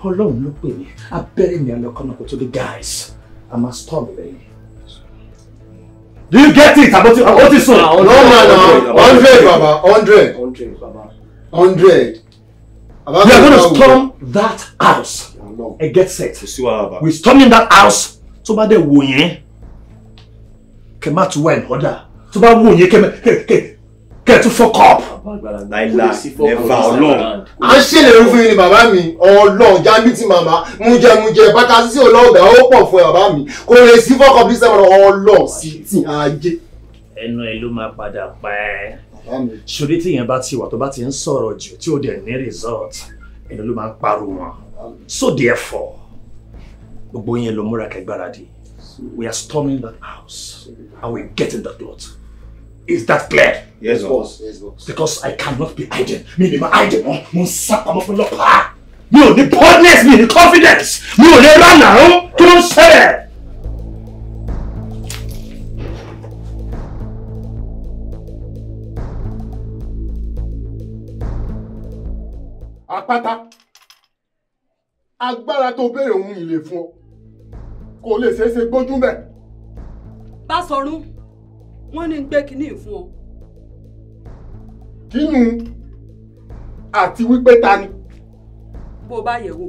ọlọ́run ló pè mí abẹ́rẹ́ mi alọ́kọ́nà kò tó dé guys i must stop lẹ́yìn. do you get it àbótí ó ti sùn. Ah, no no no hundred baba hundred. hundred baba. we are gonna storm that house and get set we storming that house tó bá dẹ̀ wò yẹn kẹ má tún wá ẹ̀ lọ́dà tó bá wò yẹn kẹ Get kẹtù fọkọ. náírà nẹfà Ọlọ́run. a ń ṣèlérí fún yín ni bàbá mi Ọlọ́run jábí tí màmá mújẹmújẹ bàtà sísè ọlọgà ó pọ̀ fún ẹ bàbá mi kò lè sí fọkọ up sẹmọ Ọlọ́run sí ti ajé. ẹnu ẹ ló máa padà pa ẹ ṣòdí tí ìyẹn bá ti wà tó bá ti ń sọ̀rọ̀ jù tí ó dẹ̀ ní result ẹnu ló máa ń parọ́ wọn so therefore gbogbo yẹn ló múra kẹgbáradì we are storming that house and we are getting that lot is that clear. Yes, boss. Yes, boss. Because I cannot be idle. Me, ni ma idle mọ́, eh? mo ń sá pamọ́ fún lọ́pàá. Mi the boldness, me, the confidence, mi ò lè rán to say. ń ṣẹlẹ̀. Àpáta, agbára tó béèrè òun ìlè fún ọ, kò lè ṣeé ṣe gbójú mẹ́. Bá wọ́n ní gbé kinní fún ọ kínú àti wípé ta ni. bó o bá yẹ̀ wò.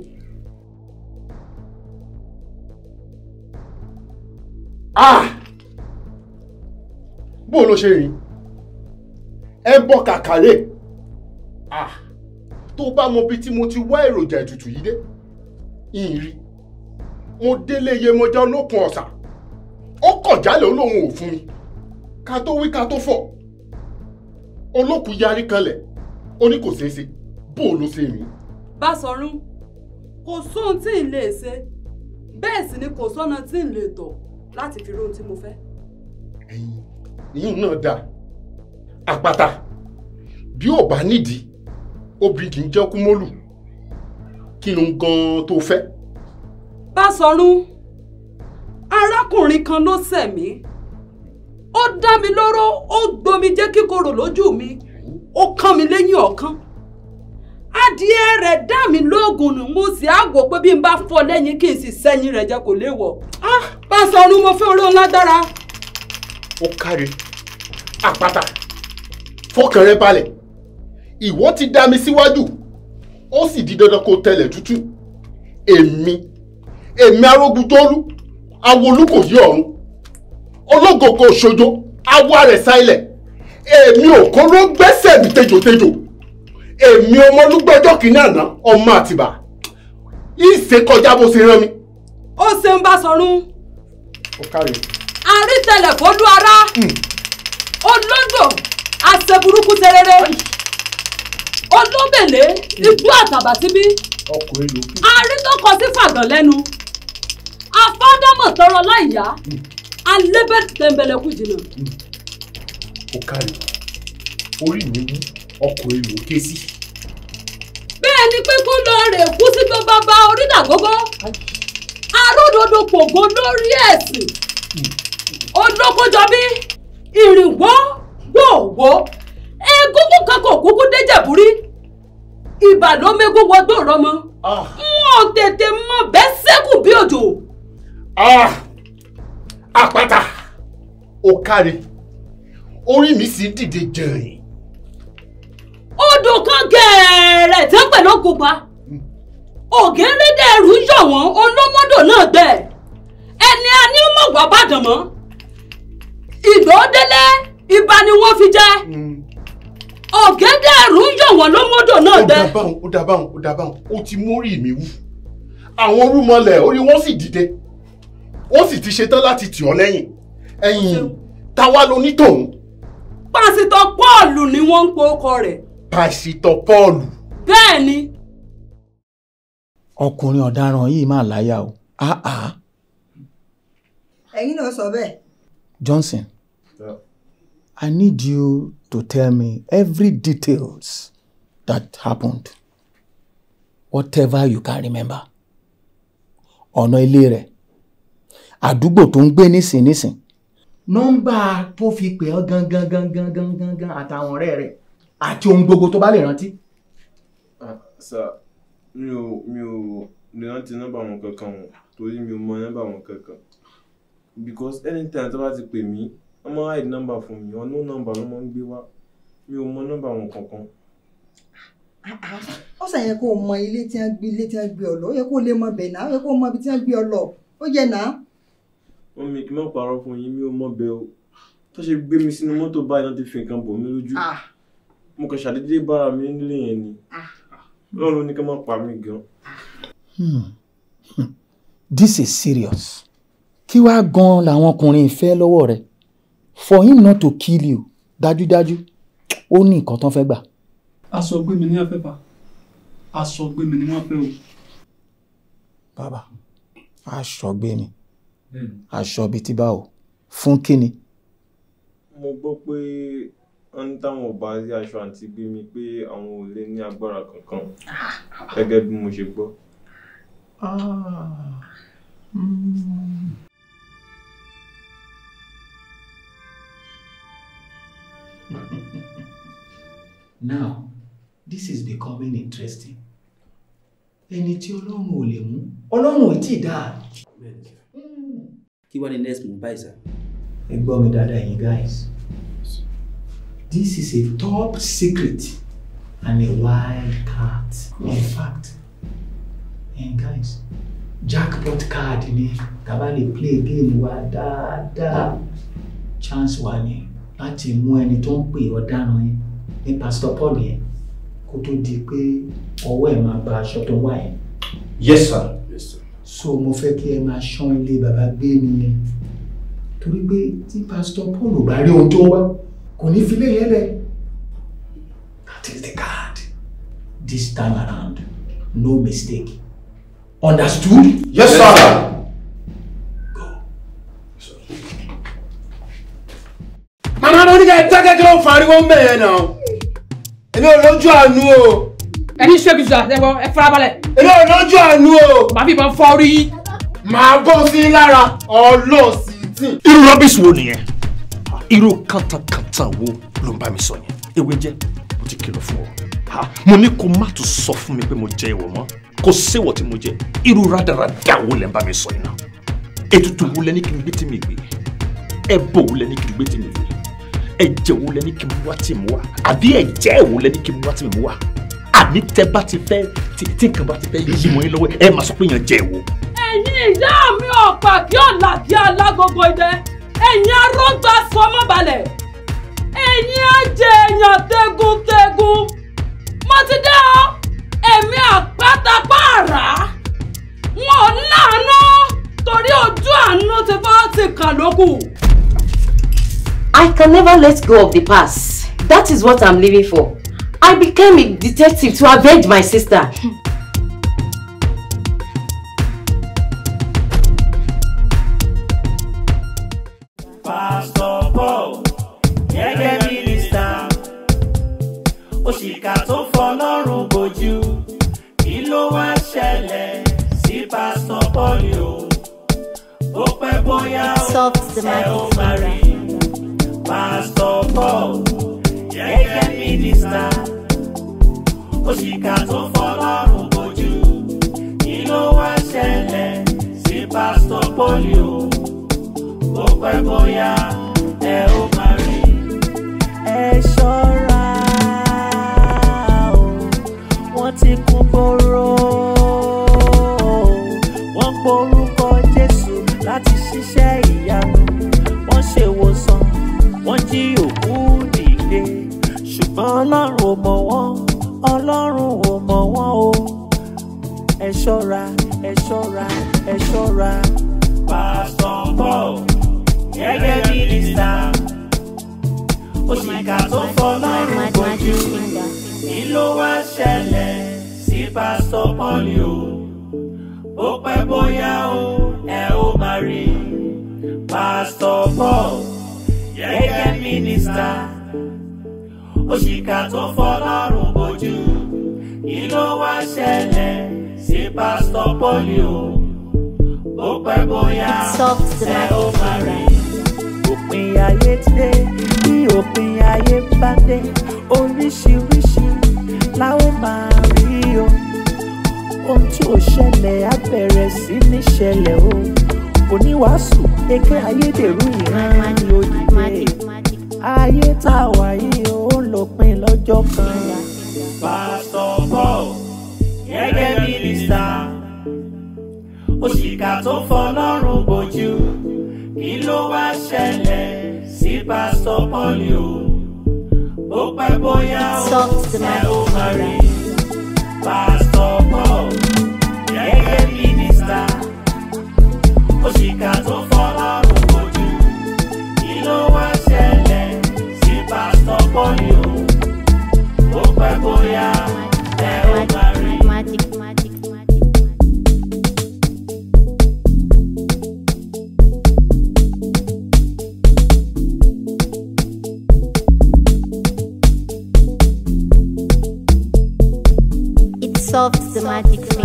Ah! bó o ló ṣe rìn ẹ bọ́ kàkàrẹ́ ah! tó bá mọ bí tí mo ti wá èròjà ètùtù yìí dé ìrì mo délé Yemọja olókun ọ̀sà ó kọ̀ jálẹ̀ olóhùn òfun mi ká tó wí ká tó fọ̀ olókùn yarí kanlẹ̀ ó ní kò ṣeé ṣe bó o ló ṣe rìn. Báṣọ̀rún kò sóhun tí n lè ṣe bẹ́ẹ̀ sì ni kò sọ́nà tí n lè tọ̀ láti fi rohun tí mo fẹ́. ẹyin ìyún náà dáa àpáta bí ò bá nídìí obìnrin kì í jẹ́ kú mólù kí ló ń gan tó fẹ́. Báṣọ̀rún arákùnrin kan ló ṣẹ̀ mí ó dá mi lóró ó gbomi jẹ́ kíkorò lójú mi ó kán mi lẹ́yìn ọ̀kan adìẹ rẹ̀ dá mi lóògùn nù mo sì àgò pé bí n bá fọ́ lẹ́yìn kí n sì sẹ́yìn rẹ̀ jẹ́ kò léwọ̀ ah bá a sọ ọdún mo fẹ́ olóhùn lágbára. ó kárí àpáta fọkàn rẹ balẹ̀ ìwọ ti dá mi síwájú ó sì di dandan kó tẹlẹ̀ tútù èmi èmi arógun tó lú awolú kò yí ọ̀run ológogo ṣojo awa rẹ̀ sáilẹ̀ èmi ò kóró gbẹ́sẹ̀ mi tejòtejò èmi ọmọlúgbẹ́jọ́ kìíní àná ọmọ àtìbà ìṣe kọjá bó ṣe rán mi. ó ṣeun bá sọrun. ó kárí. àrítẹlẹ fọdú ara hmm. olóńgbò àṣeburúkú tẹrẹrẹ olóbèlé igbó àtàbà síbí àrítọkọ sí fàgàn lẹ́nu àfọdámọ tọrọ láìyá. Mm alábẹ́ tẹ̀m̀bẹ̀lẹ̀kù jìnnà. ó kárí orí mi wú ọkọ̀ èrò ké sí. bẹ́ẹ̀ ni pé kó lọ rè kú sí gbọ́n bàbá onídàgógó aródodo pògo lórí ẹ̀sìn olókójọbí ìrìnwó gbòòwò egúngún kan kò kúkú déjàbúrí ìbàlómégún wọgbó rọmọ ah. wọn ò tètè mọ bẹ́ẹ̀ sẹ́kù bí òjò. ah àpáta ó káre orí mi sì dìde jẹ̀rìn. odò kan gẹ̀ẹ́rẹ̀ tẹ́ pẹ̀lú ògùnpa ògèrèdèrú yọ̀ wọ́n olómọ́dọ̀ náà gbẹ ẹni a ní mọ̀gbà bàdàn mọ́ ìgbòdélé ibà ni wọ́n fi jẹ́ hmm. ògèdèrú yọ̀ wọ́n lọ́mọ́dọ̀ náà gbẹ. ó dàbáwọn ó dàbáwọn ó dàbáwọn ó ti mórí mi wú àwọn orúmọlẹ̀ orí wọn sì dìde ó sì ti ṣetán láti tì ọ́ lẹ́yìn ẹ̀yìn táwa ló ní tòun. pásítọ̀ Pọ́ọ̀lù ni wọ́n ń pe ọkọ rẹ̀. pásítọ̀ Pọ́ọ̀lù. bẹ́ẹ̀ ni. ọkùnrin ọ̀daràn yìí máa láyà o áá. ẹ̀yin náà sọ bẹ́ẹ̀. Johnson I need you to tell me every details that happened whatever you can remember ọ̀nà ilé rẹ̀ àdúgbò tó ń gbé nísìn nísìn nọ́mbà tó fi pè ọ́ gangan gangan gangan gangan àtàwọn ọ̀rẹ́ rẹ̀ àti ohun gbogbo tó bá lè rántí. Ah, sà mi ò mi ò lè rántí nọ́mbà wọn kankan wọn torí mi ò mọ nọ́mbà wọn kankan because anytime tó bá ti pè mí wọ́n máa hide nọ́mbà fún mi ọ̀nà nọ́mbà ló máa ń gbé wá mi ò mọ nọ́mbà wọn kankan ó sàn yẹ kó o mọ ilé tí wọ́n gbé ilé tí wọ́n gbé ọ lọ ó yẹ kó o lè mọ bẹ̀ náà ó yẹ kó o mọ ibi tí wọ́n gbé ọ lọ ó yẹ náà wọ́n kí n má parọ́ fún yín mi ò mọ̀ bẹ́ẹ̀ o tó ṣe gbé mi sínú mọ́tò báyìí náà ti fi nǹkan bò mí lójú ah. mo kàn ṣàdédé bára mi nílé yẹn ni ah. lọ́run ní ká má pa mí gan. Hmm. this is serious kí wàá gan làwọn ọkùnrin ìfẹ́ lọ́wọ́ rẹ for him not to kill you dájúdájú ó ní nǹkan tán fẹ́ gbà. aṣọ gbé mi ní afẹ́fà aṣọ gbé mi ní wọ́n fẹ́ o. bàbá aṣọ gbé mi aṣọ bíi ti báwo fún kíni. mo gbọ́ pé wọ́n táwọn ò bá aṣọ àǹtí bí mi pé àwọn ò lè ní agbára kankan gẹ́gẹ́ bí mo ṣe gbọ́. Now, this is becoming interesting. Ẹni tí Ọlọ́run ò lè mú, Ọlọ́run ò tí ì dáa kí wá ní next move báyìí sá. ẹ gbọ́ mi dáadáa yín guys this is a top secret and a wild card in fact and guys jackpot card ni tá bá lè play game wa dáadáa chance wa ni láti mú ẹni tó ń pè ọ̀daràn yẹn ní Pastor paul yẹn kó tó di pé ọwọ́ ẹ̀ máa ba aṣọ tó wà yẹn. yes sir so mo fẹ́ kí ẹ máa ṣán ilé bàbá gbé mi ni torí pé tí pásítọ̀ Paul ò bá rí ohun tó wá kò ní fi yẹn lẹ that is the card this time around no mistake understood. yes sir. Yes, sir. màmá lórí ẹ dákẹ́jọ́ fariwo ń bẹ̀rẹ̀ náà èmi ò lójú àánú o ẹni ṣe bìtú àtẹkọ ẹ farabalẹ̀. èlò ìlójú àánú o. màá fi ìbọn fọ́ rí. màá bọ́ sí lára ọlọ́ọ̀sì tí. irú rọ́bìsì wo nìyẹn irú kàntàkàntàn wo ló ń bá mi sọ yẹn ewé jẹ mo ti kìlọ̀ fún ọ mo ní kó má tún sọ fún mi pé mo jẹ ìwọ mọ́ kò séwọ tí mo jẹ irú rádaràdà wo lẹ ń bá mi sọ yẹn náà ètùtù wo lẹ ní kí n gbé tí mi gbé ẹbọ wo lẹ ní kí n gbé tí mi gbé ẹ̀jẹ̀ wo lẹ ní kí n wá tí mi wá àbí ẹ̀jẹ̀ wo lẹ ní kí n wá tí mi wá àní tẹ bá ti fẹ́ tí nǹkan bá ti fẹ́ yí mọ́ yín lọ́wọ́ ẹ máa sọ pé èèyàn jẹ wò. ẹ̀yin ìyá mi ọ̀pá kí ọ̀là kí alágogo idẹ ẹ̀yin arógbá sọmọ́balẹ̀ ẹ̀yin ajẹ́ èèyàn tegun mo ti dé ọ ẹ̀mí àpátápààrà wọn láàánú torí ojú àánú ti bá ti kàn lókù. I can never let go of the past. That is what I'm living for. I became a detective to avenge my sister. Hmm. ayé dé bí òpin ayé bá dé oríṣiríṣi láwọn máa rí o ohun tí ò ṣẹlẹ̀ á bẹ̀rẹ̀ sí ní ṣẹlẹ̀ o oníwàásù eke ayédèrú ìran lòdìdé ayé tá a wà yìí ó lópin lọ́jọ́ kan. pásítọ̀ Paul gẹ́gẹ́ mínísítà òṣìkà tó fọlọ́run bójú kí ló wá ṣẹlẹ̀ sí pásítọ̀ pọ́lì o bó bóyá ó ṣe ó máa rí pásítọ̀ paul gẹ́gẹ́ mínísítà òṣìkà tó fọlá òkojú kí ló wá ṣẹlẹ̀ sí pásítọ̀ pọ́lì o bó pẹ́ bóyá. systematic